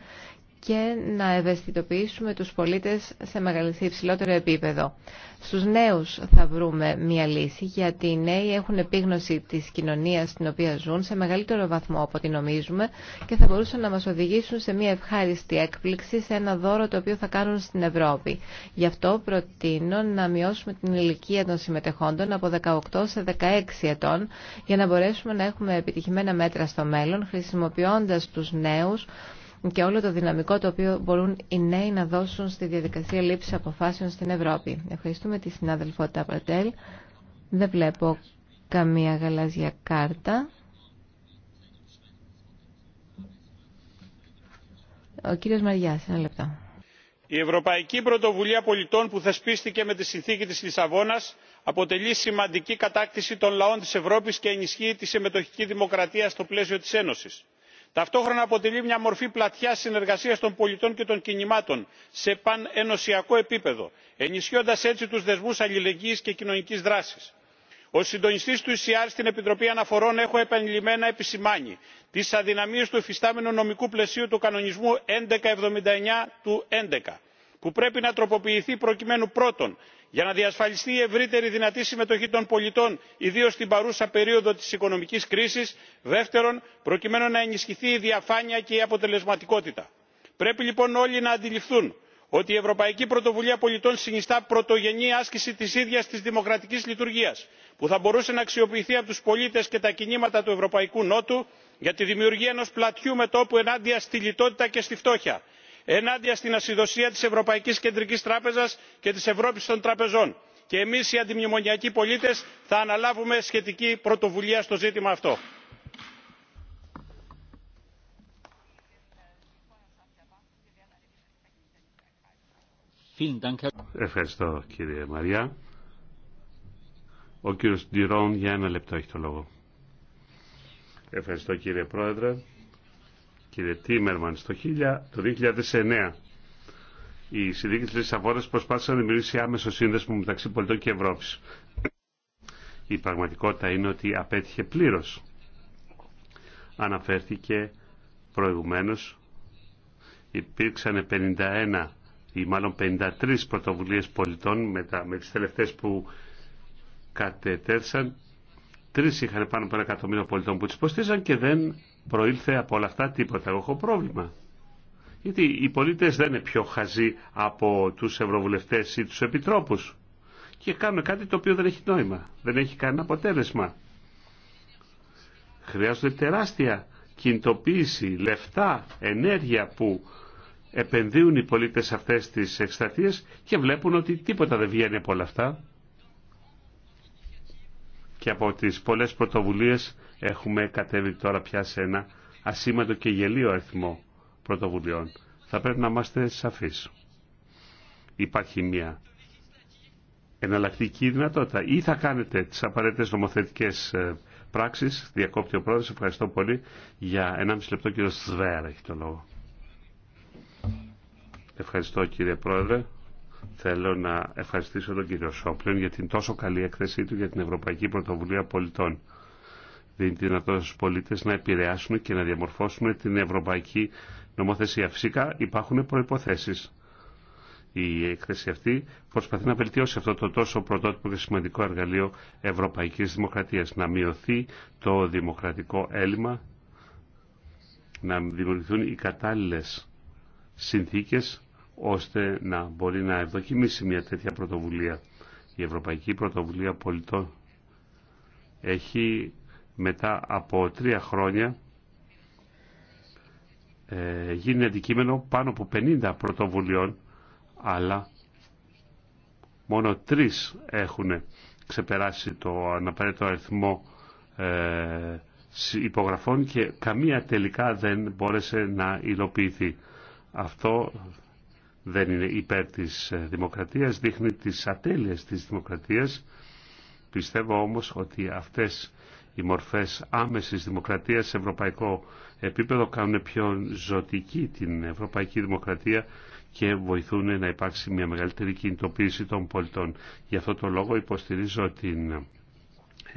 και να ευαισθητοποιήσουμε τους πολίτες σε υψηλότερο επίπεδο. Στους νέους θα βρούμε μια λύση γιατί οι νέοι έχουν επίγνωση της κοινωνίας στην οποία ζουν σε μεγαλύτερο βαθμό από ό,τι νομίζουμε και θα μπορούσαν να μας οδηγήσουν σε μια ευχάριστη έκπληξη σε ένα δώρο το οποίο θα κάνουν στην Ευρώπη. Γι' αυτό προτείνω να μειώσουμε την ηλικία των συμμετεχόντων από 18 σε 16 ετών για να μπορέσουμε να έχουμε επιτυχημένα μέτρα στο μέλλον χρησιμοποιώντας τους νέους και όλο το δυναμικό το οποίο μπορούν οι νέοι να δώσουν στη διαδικασία λήψη αποφάσεων στην Ευρώπη. Ευχαριστούμε τη συνάδελφο Ταπρατέλ. Δεν βλέπω καμία γαλάζια κάρτα. Ο κύριος Μαριάς, ένα λεπτό. Η Ευρωπαϊκή Πρωτοβουλία Πολιτών που θεσπίστηκε με τη συνθήκη της Λισαβόνας αποτελεί σημαντική κατάκτηση των λαών της Ευρώπης και ενισχύει τη συμμετοχική δημοκρατία στο πλαίσιο της Ένωσης ταυτόχρονα αποτελεί μια μορφή πλατιά συνεργασία των πολιτών και των κινημάτων σε πανενωσιακό επίπεδο ενισχύοντα έτσι του δεσμού αλληλεγγύη και κοινωνική δράση. Ω συντονιστή του ecr στην επιτροπή αναφορών έχω επανειλημμένα επισημάνει τι αδυναμίες του εφιστάμενου νομικού πλαισίου του κανονισμού 1179 του δύο που πρέπει να τροποποιηθεί προκειμένου πρώτον για να διασφαλιστεί η ευρύτερη δυνατή συμμετοχή των πολιτών ιδίως στην παρούσα περίοδο της οικονομικής κρίσης; δεύτερον προκειμένου να ενισχυθεί η διαφάνεια και η αποτελεσματικότητα. πρέπει λοιπόν όλοι να αντιληφθούν ότι η ευρωπαϊκή πρωτοβουλία πολιτών συνιστά πρωτογενή άσκηση της ίδιας της δημοκρατικής λειτουργίας που θα μπορούσε να αξιοποιηθεί από τους πολίτες και τα κινήματα του ευρωπαϊκού νότου για τη δημιουργία ενός πλατιού μετώπου ενάντια στη λιτότητα και στη φτώχεια ενάντια στην ασυδοσία της ευρωπαϊκής κεντρικής τράπεζας και της ευρώπης των τραπεζών και εμείς οι αντιμνημονιακοί πολίτες θα αναλάβουμε σχετική πρωτοβουλία στο ζήτημα αυτό. Ευχαριστώ κύριε Μαριά. Ο κύριος Ντιρόν για ένα λεπτό έχει το λόγο. Ευχαριστώ κύριε Πρόεδρε κύριε Τίμερμαν, στο 2009 οι Συνδίκες της Λισαβόνας προσπάθησαν να δημιουργήσει άμεσο σύνδεσμο μεταξύ πολιτών και Ευρώπης. Η πραγματικότητα είναι ότι απέτυχε πλήρως. Αναφέρθηκε προηγουμένως υπήρξαν 51 ή μάλλον 53 πρωτοβουλίες πολιτών με, τα, με τις τελευταίες που κατετέθησαν. Τρεις είχαν πάνω από ένα εκατομμύριο πολιτών που τις υποστήριζαν και δεν προήλθε από όλα αυτά τίποτα. Εγώ έχω πρόβλημα. Γιατί οι πολίτες δεν είναι πιο χαζοί από τους ευρωβουλευτές ή τους επιτρόπους. Και κάνουν κάτι το οποίο δεν έχει νόημα. Δεν έχει κανένα αποτέλεσμα. Χρειάζονται τεράστια κινητοποίηση, λεφτά, ενέργεια που επενδύουν οι πολίτες αυτές τις εκστατείες και βλέπουν ότι τίποτα δεν βγαίνει από όλα αυτά και από τις πολλές πρωτοβουλίες έχουμε κατέβει τώρα πια σε ένα ασήμαντο και γελίο αριθμό πρωτοβουλειών. Θα πρέπει να είμαστε σαφείς. Υπάρχει μια εναλλακτική δυνατότητα. Ή θα κάνετε τις απαραίτητες νομοθετικές ε, πράξεις. Διακόπτει ο πρόεδρος. Ευχαριστώ πολύ. Για 1,5 λεπτό κύριο Σβέρα έχει το λόγο. Ευχαριστώ κύριε πρόεδρε. Θέλω να ευχαριστήσω τον κύριο Σόπλεν για την τόσο καλή έκθεσή του για την Ευρωπαϊκή Πρωτοβουλία Πολιτών. Δίνει τη δυνατότητα στου πολίτε να επηρεάσουν και να διαμορφώσουν την ευρωπαϊκή νομοθεσία. Φυσικά υπάρχουν προποθέσει. Η έκθεση αυτή προσπαθεί να βελτιώσει αυτό το τόσο πρωτότυπο και σημαντικό εργαλείο ευρωπαϊκή δημοκρατία. Να μειωθεί το δημοκρατικό έλλειμμα, να δημιουργηθούν οι κατάλληλε συνθήκες ώστε να μπορεί να ευδοκιμήσει μια τέτοια πρωτοβουλία. Η Ευρωπαϊκή Πρωτοβουλία Πολιτών έχει μετά από τρία χρόνια ε, γίνει αντικείμενο πάνω από 50 πρωτοβουλειών, αλλά μόνο τρεις έχουν ξεπεράσει το αναπαραίτητο αριθμό ε, υπογραφών και καμία τελικά δεν μπόρεσε να υλοποιηθεί. Αυτό δεν είναι υπέρ της ε, δημοκρατίας, δείχνει τις ατέλειες της δημοκρατίας. Πιστεύω όμως ότι αυτές οι μορφές άμεσης δημοκρατίας σε ευρωπαϊκό επίπεδο κάνουν πιο ζωτική την ευρωπαϊκή δημοκρατία και βοηθούν να υπάρξει μια μεγαλύτερη κινητοποίηση των πολιτών. Γι' αυτό το λόγο υποστηρίζω την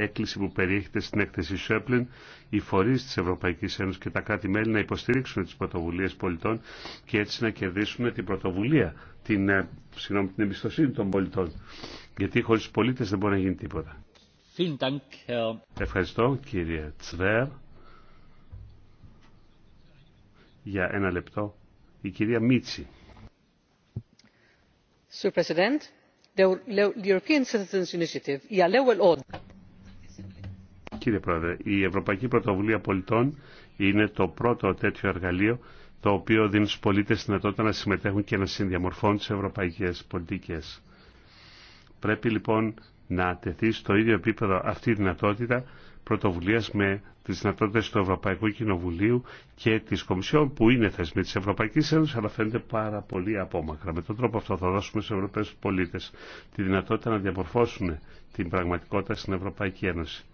έκκληση που περιέχεται στην έκθεση Σέπλιν, οι φορεί τη Ευρωπαϊκή Ένωση και τα κράτη-μέλη να υποστηρίξουν τι πρωτοβουλίε πολιτών και έτσι να κερδίσουν την πρωτοβουλία, την, ε, την εμπιστοσύνη των πολιτών. Γιατί χωρί του πολίτε δεν μπορεί να γίνει τίποτα. Ευχαριστώ κύριε Τσβέρ. Για ένα λεπτό η κυρία Μίτσι. Sir President, the European Citizens Initiative, Κύριε Πρόεδρε, η Ευρωπαϊκή Πρωτοβουλία Πολιτών είναι το πρώτο τέτοιο εργαλείο το οποίο δίνει στους πολίτες δυνατότητα να συμμετέχουν και να συνδιαμορφώνουν τις ευρωπαϊκές πολιτικές. Πρέπει λοιπόν να τεθεί στο ίδιο επίπεδο αυτή η δυνατότητα πρωτοβουλίας με τις δυνατότητες του Ευρωπαϊκού Κοινοβουλίου και της Κομισιόν που είναι θεσμή της Ευρωπαϊκής Ένωσης αλλά φαίνεται πάρα πολύ απόμακρα. Με τον τρόπο αυτό θα δώσουμε στους Ευρωπαίους πολίτες τη δυνατότητα να διαμορφώσουν την πραγματικότητα στην Ευρωπαϊκή Ένωση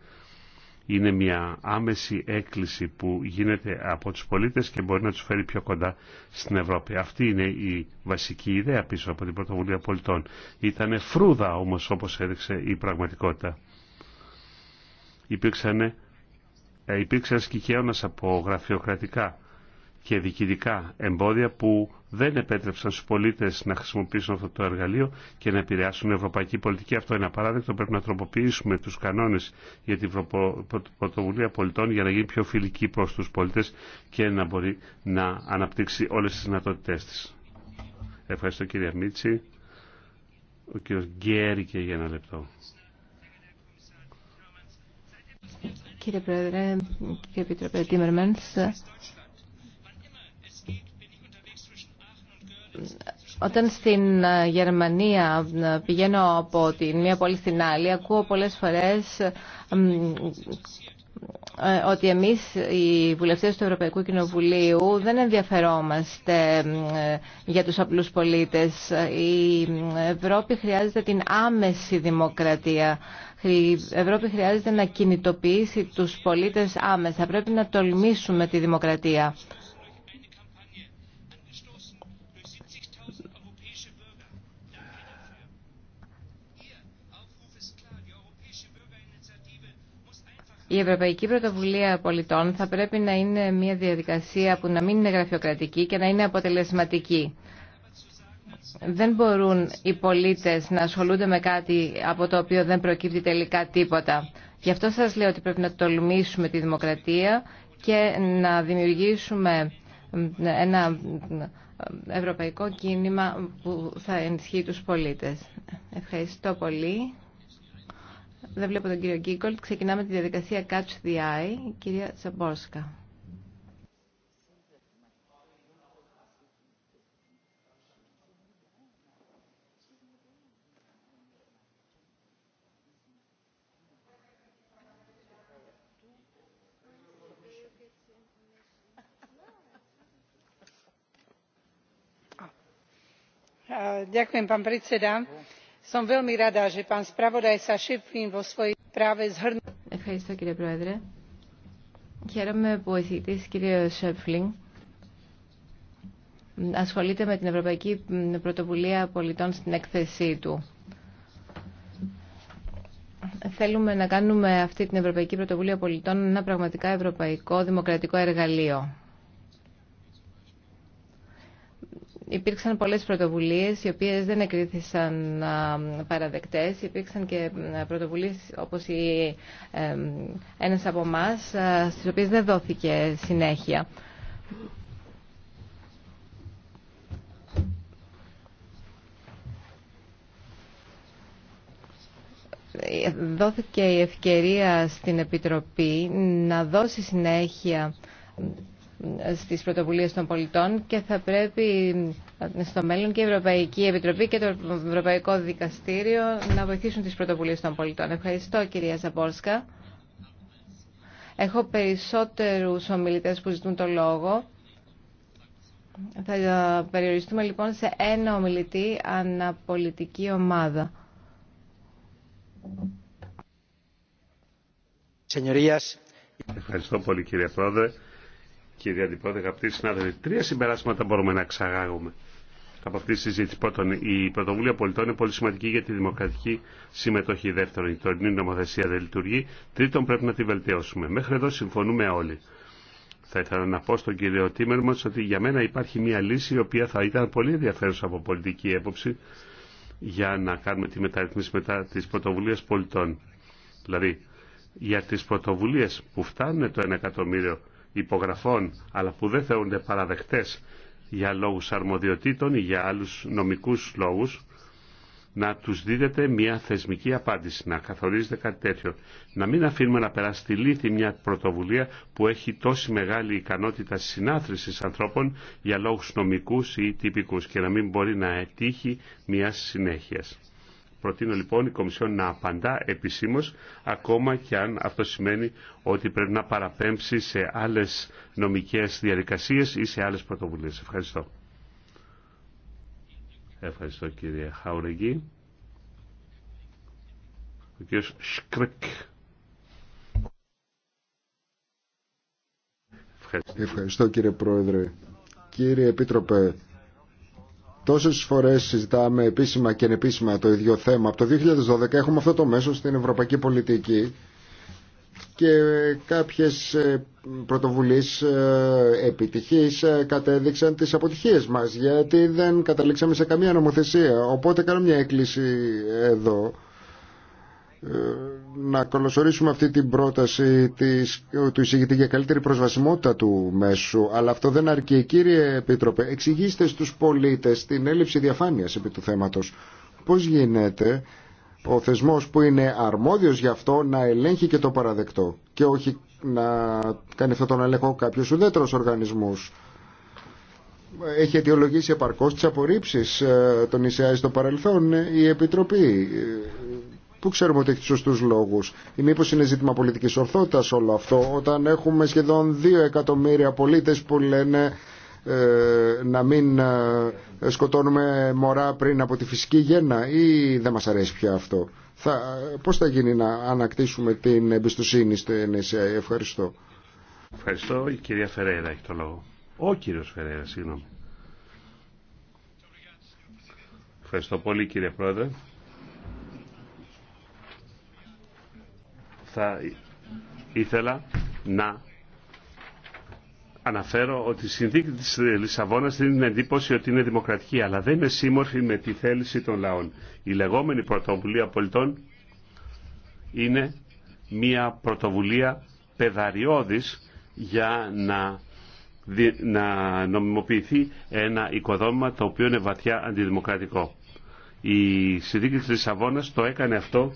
είναι μια άμεση έκκληση που γίνεται από τους πολίτες και μπορεί να τους φέρει πιο κοντά στην Ευρώπη. Αυτή είναι η βασική ιδέα πίσω από την πρωτοβουλία πολιτών. Ήταν φρούδα όμως όπως έδειξε η πραγματικότητα. Υπήρξαν, ε, υπήρξαν σκικαίωνας από γραφειοκρατικά και διοικητικά εμπόδια που δεν επέτρεψαν στους πολίτες να χρησιμοποιήσουν αυτό το εργαλείο και να επηρεάσουν την ευρωπαϊκή πολιτική. Αυτό είναι απαράδεκτο. Πρέπει να τροποποιήσουμε τους κανόνες για την πρωτοβουλία πολιτών για να γίνει πιο φιλική προς τους πολίτες και να μπορεί να αναπτύξει όλες τις δυνατότητές της. Ευχαριστώ κύριε Μίτση. Ο κύριο Γκέρι και για ένα λεπτό. Κύριε Πρόεδρε, κύριε όταν στην ε, Γερμανία ε, πηγαίνω από τη μία πόλη στην άλλη, ακούω πολλές φορές ε, ότι εμείς οι βουλευτές του Ευρωπαϊκού Κοινοβουλίου δεν ενδιαφερόμαστε για τους απλούς πολίτες. Η Ευρώπη χρειάζεται την άμεση δημοκρατία. Η Ευρώπη χρειάζεται να κινητοποιήσει τους πολίτες άμεσα. Πρέπει να τολμήσουμε τη δημοκρατία. Η Ευρωπαϊκή Πρωτοβουλία Πολιτών θα πρέπει να είναι μια διαδικασία που να μην είναι γραφειοκρατική και να είναι αποτελεσματική. Δεν μπορούν οι πολίτες να ασχολούνται με κάτι από το οποίο δεν προκύπτει τελικά τίποτα. Γι' αυτό σας λέω ότι πρέπει να τολμήσουμε τη δημοκρατία και να δημιουργήσουμε ένα ευρωπαϊκό κίνημα που θα ενισχύει τους πολίτες. Ευχαριστώ πολύ. Δεν βλέπω τον κύριο Γκίκολτ. Ξεκινάμε τη διαδικασία Catch the Eye. Η κυρία Τσαμπόρσκα. Ďakujem, pán predseda som Ευχαριστώ κύριε Πρόεδρε. Χαίρομαι που ο εισηγητής κύριε Σέπφλινγκ ασχολείται με την Ευρωπαϊκή Πρωτοβουλία Πολιτών στην έκθεσή του. Θέλουμε να κάνουμε αυτή την Ευρωπαϊκή Πρωτοβουλία Πολιτών ένα πραγματικά ευρωπαϊκό δημοκρατικό εργαλείο. Υπήρξαν πολλές πρωτοβουλίες οι οποίες δεν εκρίθησαν παραδεκτές. Υπήρξαν και πρωτοβουλίες όπως η, ε, ένας από εμά, στις οποίες δεν δόθηκε συνέχεια. Δόθηκε η ευκαιρία στην Επιτροπή να δώσει συνέχεια στις πρωτοβουλίες των πολιτών και θα πρέπει στο μέλλον και η Ευρωπαϊκή Επιτροπή και το Ευρωπαϊκό Δικαστήριο να βοηθήσουν τις πρωτοβουλίες των πολιτών. Ευχαριστώ κυρία Ζαμπόρσκα. Έχω περισσότερους ομιλητές που ζητούν το λόγο. Θα περιοριστούμε λοιπόν σε ένα ομιλητή αναπολιτική ομάδα. Ευχαριστώ πολύ κύριε Πρόεδρε. Κύριε Αντιπρόεδρε, αγαπητοί συνάδελφοι, τρία συμπεράσματα μπορούμε να εξαγάγουμε από αυτή τη συζήτηση. Πρώτον, η πρωτοβουλία πολιτών είναι πολύ σημαντική για τη δημοκρατική συμμετοχή. Δεύτερον, η τωρινή νομοθεσία δεν λειτουργεί. Τρίτον, πρέπει να τη βελτιώσουμε. Μέχρι εδώ συμφωνούμε όλοι. Θα ήθελα να πω στον κύριο Τίμερμαν ότι για μένα υπάρχει μια λύση η οποία θα ήταν πολύ ενδιαφέρουσα από πολιτική έποψη για να κάνουμε τη μεταρρύθμιση μετά τη πρωτοβουλία πολιτών. Δηλαδή, για τι πρωτοβουλίε που φτάνουν το 1 εκατομμύριο υπογραφών αλλά που δεν θεωρούνται παραδεκτές για λόγους αρμοδιοτήτων ή για άλλους νομικούς λόγους να τους δίδεται μια θεσμική απάντηση, να καθορίζεται κάτι τέτοιο. Να μην αφήνουμε να περάσει τη μια πρωτοβουλία που έχει τόση μεγάλη ικανότητα συνάθρησης ανθρώπων για λόγους νομικούς ή τυπικούς και να μην μπορεί να ετύχει μια συνέχεια προτείνω λοιπόν η Κομισιόν να απαντά επισήμω, ακόμα και αν αυτό σημαίνει ότι πρέπει να παραπέμψει σε άλλε νομικέ διαδικασίε ή σε άλλε πρωτοβουλίε. Ευχαριστώ. Ευχαριστώ κύριε Χαουρεγγί. Ο κύριο Σκρικ. Ευχαριστώ. Ευχαριστώ κύριε Πρόεδρε. Κύριε Επίτροπε, Τόσες φορές συζητάμε επίσημα και ανεπίσημα το ίδιο θέμα. Από το 2012 έχουμε αυτό το μέσο στην ευρωπαϊκή πολιτική και κάποιες ε, πρωτοβουλίες ε, επιτυχής ε, κατέδειξαν τις αποτυχίες μας γιατί δεν καταλήξαμε σε καμία νομοθεσία. Οπότε κάνω μια έκκληση εδώ να κολοσορίσουμε αυτή την πρόταση της, του εισηγητή για καλύτερη προσβασιμότητα του μέσου, αλλά αυτό δεν αρκεί. Κύριε Επίτροπε, εξηγήστε στους πολίτες την έλλειψη διαφάνειας επί του θέματος. Πώς γίνεται ο θεσμός που είναι αρμόδιος γι' αυτό να ελέγχει και το παραδεκτό και όχι να κάνει αυτό τον έλεγχο κάποιος ουδέτερος οργανισμούς. Έχει αιτιολογήσει επαρκώς τις απορρίψεις των ε, το στο παρελθόν ε, η Επιτροπή ε, που ξέρουμε ότι έχει του σωστού λόγου. Ή μήπω είναι ζήτημα πολιτική ορθότητα όλο αυτό, όταν έχουμε σχεδόν 2 εκατομμύρια πολίτε που λένε ε, να μην ε, σκοτώνουμε μωρά πριν από τη φυσική γέννα ή δεν μας αρέσει πια αυτό. Θα, ε, πώς θα γίνει να ανακτήσουμε την εμπιστοσύνη στο NSA. Ευχαριστώ. Ευχαριστώ. Η κυρία Φερέρα έχει το λόγο. Ο κύριος Φερέρα, συγγνώμη. Ευχαριστώ πολύ κύριε Πρόεδρε. θα ήθελα να αναφέρω ότι η συνθήκη της Λισαβόνας δίνει την εντύπωση ότι είναι δημοκρατική, αλλά δεν είναι σύμμορφη με τη θέληση των λαών. Η λεγόμενη πρωτοβουλία πολιτών είναι μια πρωτοβουλία πεδαριώδης για να, να νομιμοποιηθεί ένα οικοδόμημα το οποίο είναι βαθιά αντιδημοκρατικό. Η συνθήκη της Λισαβόνας το έκανε αυτό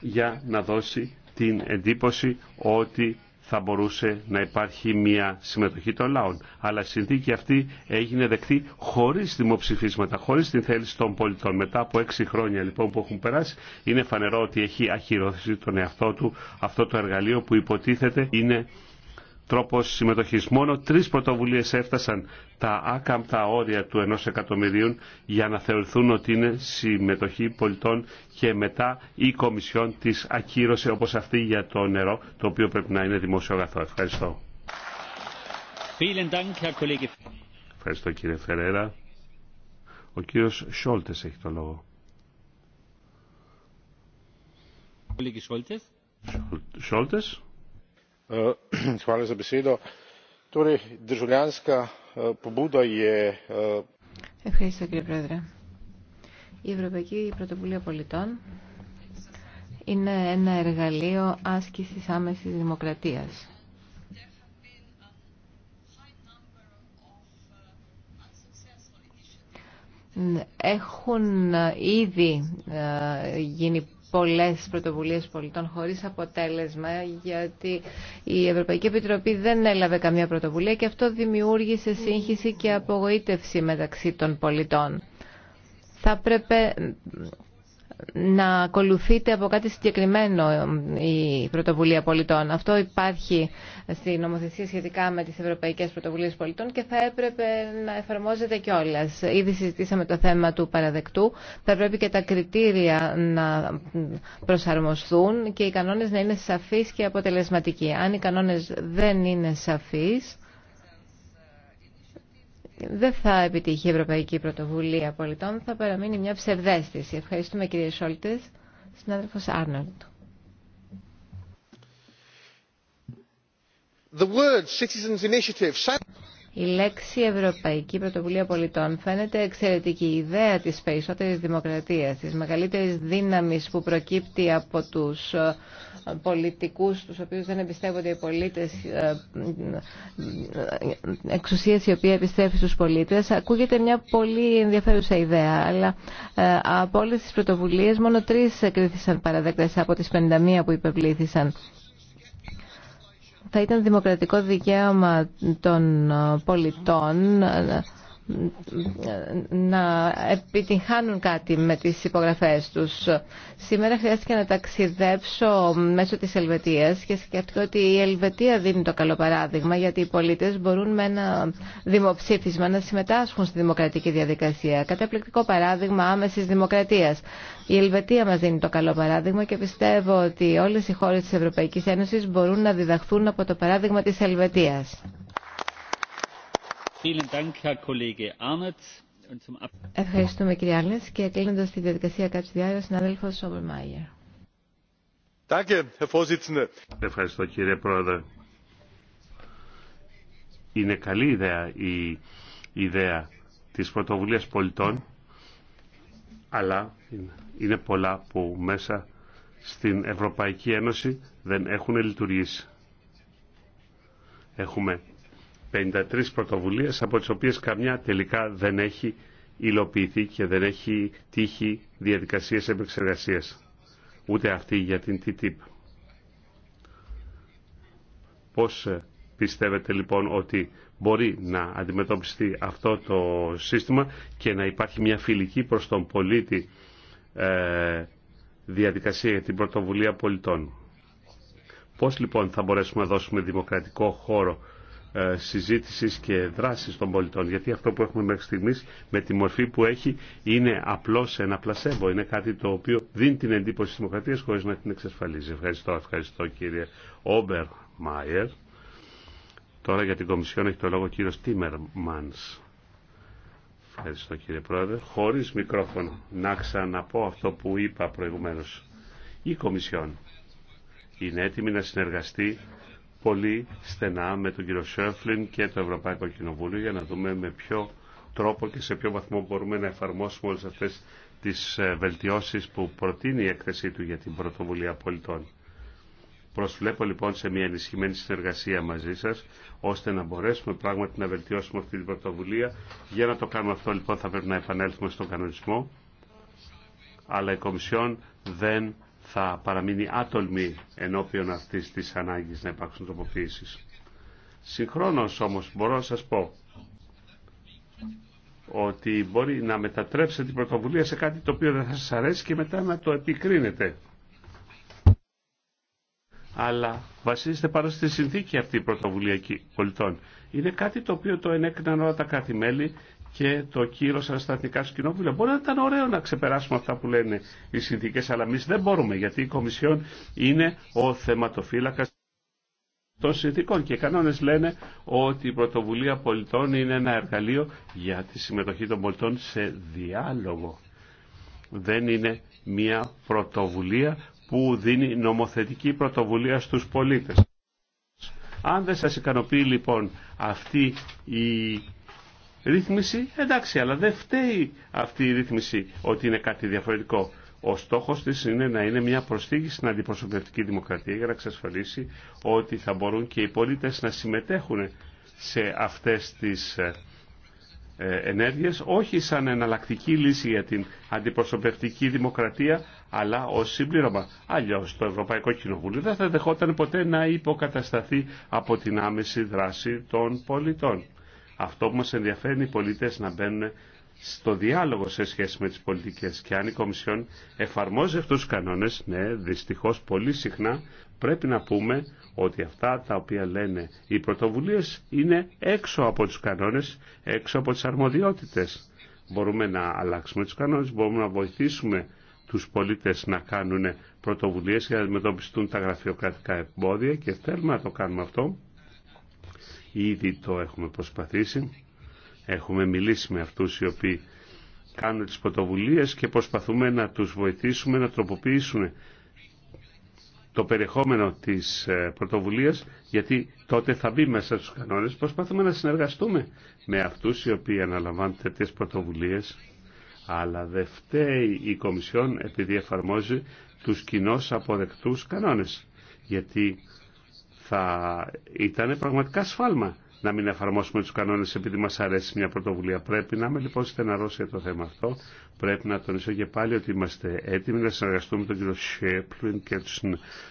για να δώσει την εντύπωση ότι θα μπορούσε να υπάρχει μια συμμετοχή των λαών. Αλλά η συνθήκη αυτή έγινε δεκτή χωρίς δημοψηφίσματα, χωρίς την θέληση των πολιτών. Μετά από έξι χρόνια λοιπόν που έχουν περάσει, είναι φανερό ότι έχει αχυρώθηση τον εαυτό του αυτό το εργαλείο που υποτίθεται είναι τρόπο συμμετοχή. Μόνο τρει πρωτοβουλίε έφτασαν τα άκαμπτα όρια του ενό εκατομμυρίου για να θεωρηθούν ότι είναι συμμετοχή πολιτών και μετά η Κομισιόν τη ακύρωσε όπω αυτή για το νερό, το οποίο πρέπει να είναι δημόσιο αγαθό. Ευχαριστώ. Ευχαριστώ κύριε Φερέρα. Ο κύριος Σόλτες έχει το λόγο. Σόλτες. Eh, eh, Ευχαριστώ κύριε Πρόεδρε. Η Ευρωπαϊκή Πρωτοβουλία Πολιτών είναι ένα εργαλείο άσκησης άμεσης δημοκρατίας. Έχουν ε, ήδη ε, γίνει πολλές πρωτοβουλίες πολιτών χωρίς αποτέλεσμα γιατί η Ευρωπαϊκή Επιτροπή δεν έλαβε καμία πρωτοβουλία και αυτό δημιούργησε σύγχυση και απογοήτευση μεταξύ των πολιτών. Θα πρέπει να ακολουθείται από κάτι συγκεκριμένο η πρωτοβουλία πολιτών. Αυτό υπάρχει στη νομοθεσία σχετικά με τις Ευρωπαϊκές Πρωτοβουλίες Πολιτών και θα έπρεπε να εφαρμόζεται κιόλα. Ήδη συζητήσαμε το θέμα του παραδεκτού. Θα πρέπει και τα κριτήρια να προσαρμοστούν και οι κανόνες να είναι σαφείς και αποτελεσματικοί. Αν οι κανόνες δεν είναι σαφείς, δεν θα επιτύχει η Ευρωπαϊκή Πρωτοβουλία Πολιτών, θα παραμείνει μια ψευδέστηση. Ευχαριστούμε κύριε Σόλτες, συνάδελφος Άρνολτ. The word citizens initiative η λέξη Ευρωπαϊκή Πρωτοβουλία Πολιτών φαίνεται εξαιρετική ιδέα της περισσότερης δημοκρατίας, της μεγαλύτερης δύναμης που προκύπτει από τους ε, πολιτικούς, τους οποίους δεν εμπιστεύονται οι πολίτες, ε, ε, εξουσίες η οποία επιστρέφει στους πολίτες. Ακούγεται μια πολύ ενδιαφέρουσα ιδέα, αλλά από όλες τις πρωτοβουλίες μόνο τρεις κρίθησαν παραδέκτες από τις 51 που υπευλήθησαν θα ήταν δημοκρατικό δικαίωμα των ε, πολιτών ε, να επιτυγχάνουν κάτι με τις υπογραφές τους. Σήμερα χρειάστηκε να ταξιδέψω μέσω της Ελβετίας και σκέφτηκα ότι η Ελβετία δίνει το καλό παράδειγμα γιατί οι πολίτες μπορούν με ένα δημοψήφισμα να συμμετάσχουν στη δημοκρατική διαδικασία. Καταπληκτικό παράδειγμα άμεσης δημοκρατίας. Η Ελβετία μας δίνει το καλό παράδειγμα και πιστεύω ότι όλες οι χώρες της Ευρωπαϊκής Ένωσης μπορούν να διδαχθούν από το παράδειγμα της Ελβετίας. Ευχαριστούμε κύριε Άρνετ και κλείνοντα τη διαδικασία διάρκεια ο συνάδελφο Σόμπερμαγερ. Ευχαριστώ κύριε Πρόεδρε. Είναι καλή ιδέα η ιδέα της πρωτοβουλίας πολιτών, αλλά είναι πολλά που μέσα στην Ευρωπαϊκή Ένωση δεν έχουν λειτουργήσει. Έχουμε 53 πρωτοβουλίες από τις οποίες καμιά τελικά δεν έχει υλοποιηθεί και δεν έχει τύχει διαδικασίες επεξεργασίας. Ούτε αυτή για την TTIP. Πώς ε, πιστεύετε λοιπόν ότι μπορεί να αντιμετωπιστεί αυτό το σύστημα και να υπάρχει μια φιλική προς τον πολίτη ε, διαδικασία για την πρωτοβουλία πολιτών. Πώς λοιπόν θα μπορέσουμε να δώσουμε δημοκρατικό χώρο ε, συζήτησης και δράσης των πολιτών. Γιατί αυτό που έχουμε μέχρι στιγμής με τη μορφή που έχει είναι απλώς ένα πλασέμπο. Είναι κάτι το οποίο δίνει την εντύπωση της δημοκρατίας χωρίς να την εξασφαλίζει. Ευχαριστώ, ευχαριστώ κύριε Όμπερ Μάιερ. Τώρα για την Κομισιόν έχει το λόγο ο κύριος Τίμερ Ευχαριστώ κύριε Πρόεδρε. Χωρίς μικρόφωνο να ξαναπώ αυτό που είπα προηγουμένως. Η Κομισιόν είναι έτοιμη να συνεργαστεί πολύ στενά με τον κύριο Σέφλιν και το Ευρωπαϊκό Κοινοβούλιο για να δούμε με ποιο τρόπο και σε ποιο βαθμό μπορούμε να εφαρμόσουμε όλες αυτές τις ε, βελτιώσεις που προτείνει η έκθεσή του για την πρωτοβουλία πολιτών. Προσβλέπω λοιπόν σε μια ενισχυμένη συνεργασία μαζί σας, ώστε να μπορέσουμε πράγματι να βελτιώσουμε αυτή την πρωτοβουλία. Για να το κάνουμε αυτό λοιπόν θα πρέπει να επανέλθουμε στον κανονισμό, αλλά η Κομισιόν δεν θα παραμείνει άτολμη ενώπιον αυτής της ανάγκης να υπάρξουν τροποποιήσεις. Συγχρόνως όμως μπορώ να σας πω ότι μπορεί να μετατρέψετε την πρωτοβουλία σε κάτι το οποίο δεν θα σας αρέσει και μετά να το επικρίνετε. Αλλά βασίζεται πάνω στη συνθήκη αυτή η πρωτοβουλία πολιτών. Είναι κάτι το οποίο το ενέκριναν όλα τα κράτη-μέλη και το κύριο αναστατικά κοινό Μπορεί να ήταν ωραίο να ξεπεράσουμε αυτά που λένε οι συνθήκες, αλλά εμεί δεν μπορούμε, γιατί η Κομισιόν είναι ο θεματοφύλακα των συνθήκων και οι κανόνε λένε ότι η πρωτοβουλία πολιτών είναι ένα εργαλείο για τη συμμετοχή των πολιτών σε διάλογο. Δεν είναι μια πρωτοβουλία που δίνει νομοθετική πρωτοβουλία στους πολίτες. Αν δεν σας ικανοποιεί λοιπόν αυτή η ρύθμιση, εντάξει, αλλά δεν φταίει αυτή η ρύθμιση ότι είναι κάτι διαφορετικό. Ο στόχος της είναι να είναι μια προσθήκη στην αντιπροσωπευτική δημοκρατία για να εξασφαλίσει ότι θα μπορούν και οι πολίτες να συμμετέχουν σε αυτές τις ε, ε, ενέργειες, όχι σαν εναλλακτική λύση για την αντιπροσωπευτική δημοκρατία, αλλά ως συμπλήρωμα. Αλλιώς το Ευρωπαϊκό Κοινοβούλιο δεν θα δεχόταν ποτέ να υποκατασταθεί από την άμεση δράση των πολιτών. Αυτό που μας ενδιαφέρει είναι οι πολίτες να μπαίνουν στο διάλογο σε σχέση με τις πολιτικές και αν η Κομισιόν εφαρμόζει αυτούς τους κανόνες, ναι, δυστυχώς πολύ συχνά πρέπει να πούμε ότι αυτά τα οποία λένε οι πρωτοβουλίες είναι έξω από τους κανόνες, έξω από τις αρμοδιότητες. Μπορούμε να αλλάξουμε τους κανόνες, μπορούμε να βοηθήσουμε τους πολίτες να κάνουν πρωτοβουλίες για να αντιμετωπιστούν τα γραφειοκρατικά εμπόδια και θέλουμε να το κάνουμε αυτό. Ήδη το έχουμε προσπαθήσει. Έχουμε μιλήσει με αυτούς οι οποίοι κάνουν τις πρωτοβουλίε και προσπαθούμε να τους βοηθήσουμε να τροποποιήσουν το περιεχόμενο της ε, πρωτοβουλίας γιατί τότε θα μπει μέσα στους κανόνες. Προσπαθούμε να συνεργαστούμε με αυτούς οι οποίοι αναλαμβάνουν τέτοιε πρωτοβουλίε, αλλά δεν φταίει η Κομισιόν επειδή εφαρμόζει τους κοινώς αποδεκτούς κανόνες θα ήταν πραγματικά σφάλμα να μην εφαρμόσουμε τους κανόνες επειδή μας αρέσει μια πρωτοβουλία. Πρέπει να είμαι λοιπόν στεναρός για το θέμα αυτό. Πρέπει να τονίσω και πάλι ότι είμαστε έτοιμοι να συνεργαστούμε με τον κύριο Σέπλουν και τους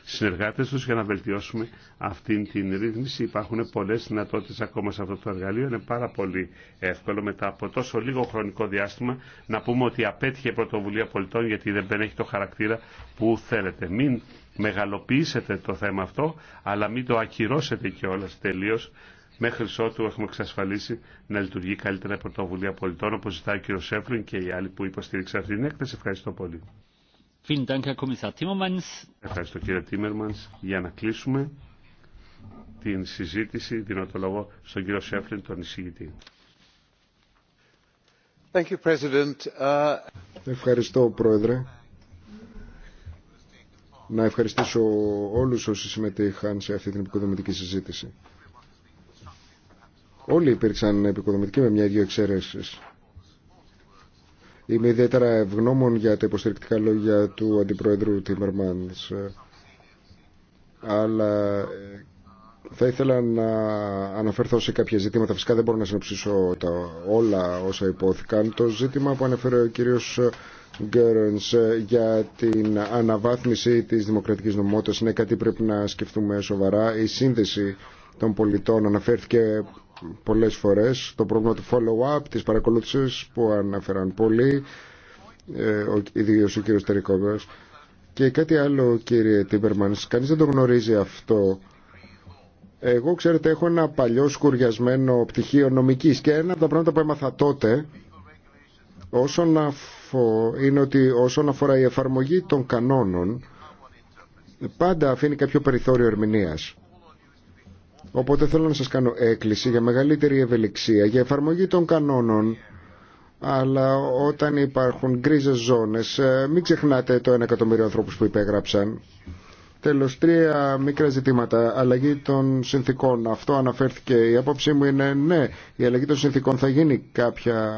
συνεργάτες τους για να βελτιώσουμε αυτή την ρύθμιση. Υπάρχουν πολλές δυνατότητες ακόμα σε αυτό το εργαλείο. Είναι πάρα πολύ εύκολο μετά από τόσο λίγο χρονικό διάστημα να πούμε ότι απέτυχε πρωτοβουλία πολιτών γιατί δεν έχει το χαρακτήρα που θέλετε. Μην μεγαλοποιήσετε το θέμα αυτό, αλλά μην το ακυρώσετε κιόλα τελείω μέχρι ότου έχουμε εξασφαλίσει να λειτουργεί καλύτερα η πρωτοβουλία πολιτών, όπω ζητάει ο κ. Σέφριν και οι άλλοι που υποστήριξαν αυτή την έκθεση. Ευχαριστώ πολύ. Ευχαριστώ κ. Τίμερμαν. Για να κλείσουμε την συζήτηση, δίνω το λόγο στον κύριο Σέφλιν, τον εισηγητή. Thank you, President. Uh, Ευχαριστώ, Πρόεδρε να ευχαριστήσω όλους όσοι συμμετείχαν σε αυτή την επικοδομητική συζήτηση. Όλοι υπήρξαν επικοδομητικοί με μια ή δύο εξαιρέσεις. Είμαι ιδιαίτερα ευγνώμων για τα υποστηρικτικά λόγια του Αντιπρόεδρου Τίμερμανς. Αλλά ε, θα ήθελα να αναφερθώ σε κάποια ζητήματα. Φυσικά δεν μπορώ να συνοψίσω τα όλα όσα υπόθηκαν. Το ζήτημα που ανέφερε ο κύριος Γκέρενς ε, για την αναβάθμιση της δημοκρατικής νομότητας είναι κάτι πρέπει να σκεφτούμε σοβαρά. Η σύνδεση των πολιτών αναφέρθηκε πολλές φορές. Το πρόβλημα του follow-up, της παρακολούθησης που αναφέραν πολλοί, ε, ο, ο κύριος Τερικόβιος. Και κάτι άλλο κύριε Τίμπερμανς, κανείς δεν το γνωρίζει αυτό. Εγώ ξέρετε έχω ένα παλιό σκουριασμένο πτυχίο νομικής και ένα από τα πράγματα που έμαθα τότε όσον αφο... είναι ότι όσον αφορά η εφαρμογή των κανόνων πάντα αφήνει κάποιο περιθώριο ερμηνείας. Οπότε θέλω να σας κάνω έκκληση για μεγαλύτερη ευελιξία, για εφαρμογή των κανόνων, αλλά όταν υπάρχουν γκρίζες ζώνες, ε, μην ξεχνάτε το 1 εκατομμύριο ανθρώπους που υπέγραψαν Τέλο τρία μικρά ζητήματα. Αλλαγή των συνθήκων. Αυτό αναφέρθηκε. Η απόψη μου είναι ναι, η αλλαγή των συνθήκων θα γίνει κάποια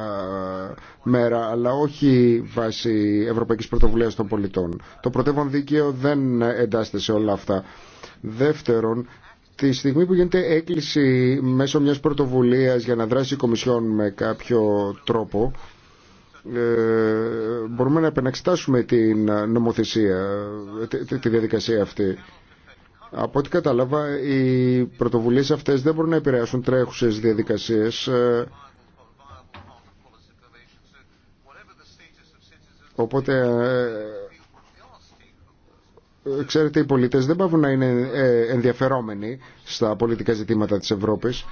ε, μέρα, αλλά όχι βάσει Ευρωπαϊκής Πρωτοβουλίας των Πολιτών. Το πρωτεύον δίκαιο δεν εντάσσεται σε όλα αυτά. Δεύτερον, τη στιγμή που γίνεται έκκληση μέσω μια πρωτοβουλίας για να δράσει η Κομισιόν με κάποιο τρόπο, ε, μπορούμε να επαναξετάσουμε την νομοθεσία, τη, διαδικασία αυτή. Από ό,τι κατάλαβα, οι πρωτοβουλίες αυτές δεν μπορούν να επηρεάσουν τρέχουσες διαδικασίες. Ε, οπότε, ε, ξέρετε, οι πολίτες δεν πάβουν να είναι ενδιαφερόμενοι στα πολιτικά ζητήματα της Ευρώπης.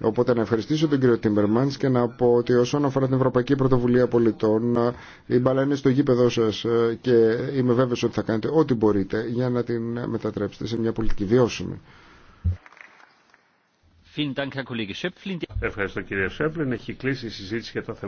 Οπότε να ευχαριστήσω τον κύριο Τιμπερμάντ και να πω ότι όσον αφορά την Ευρωπαϊκή Πρωτοβουλία Πολιτών, ε, η μπαλά είναι στο γήπεδό σα ε, και είμαι βέβαιο ότι θα κάνετε ό,τι μπορείτε για να την μετατρέψετε σε μια πολιτική βιώσιμη. Ευχαριστώ κύριε Σέφλιν. Έχει κλείσει η συζήτηση για το θέμα.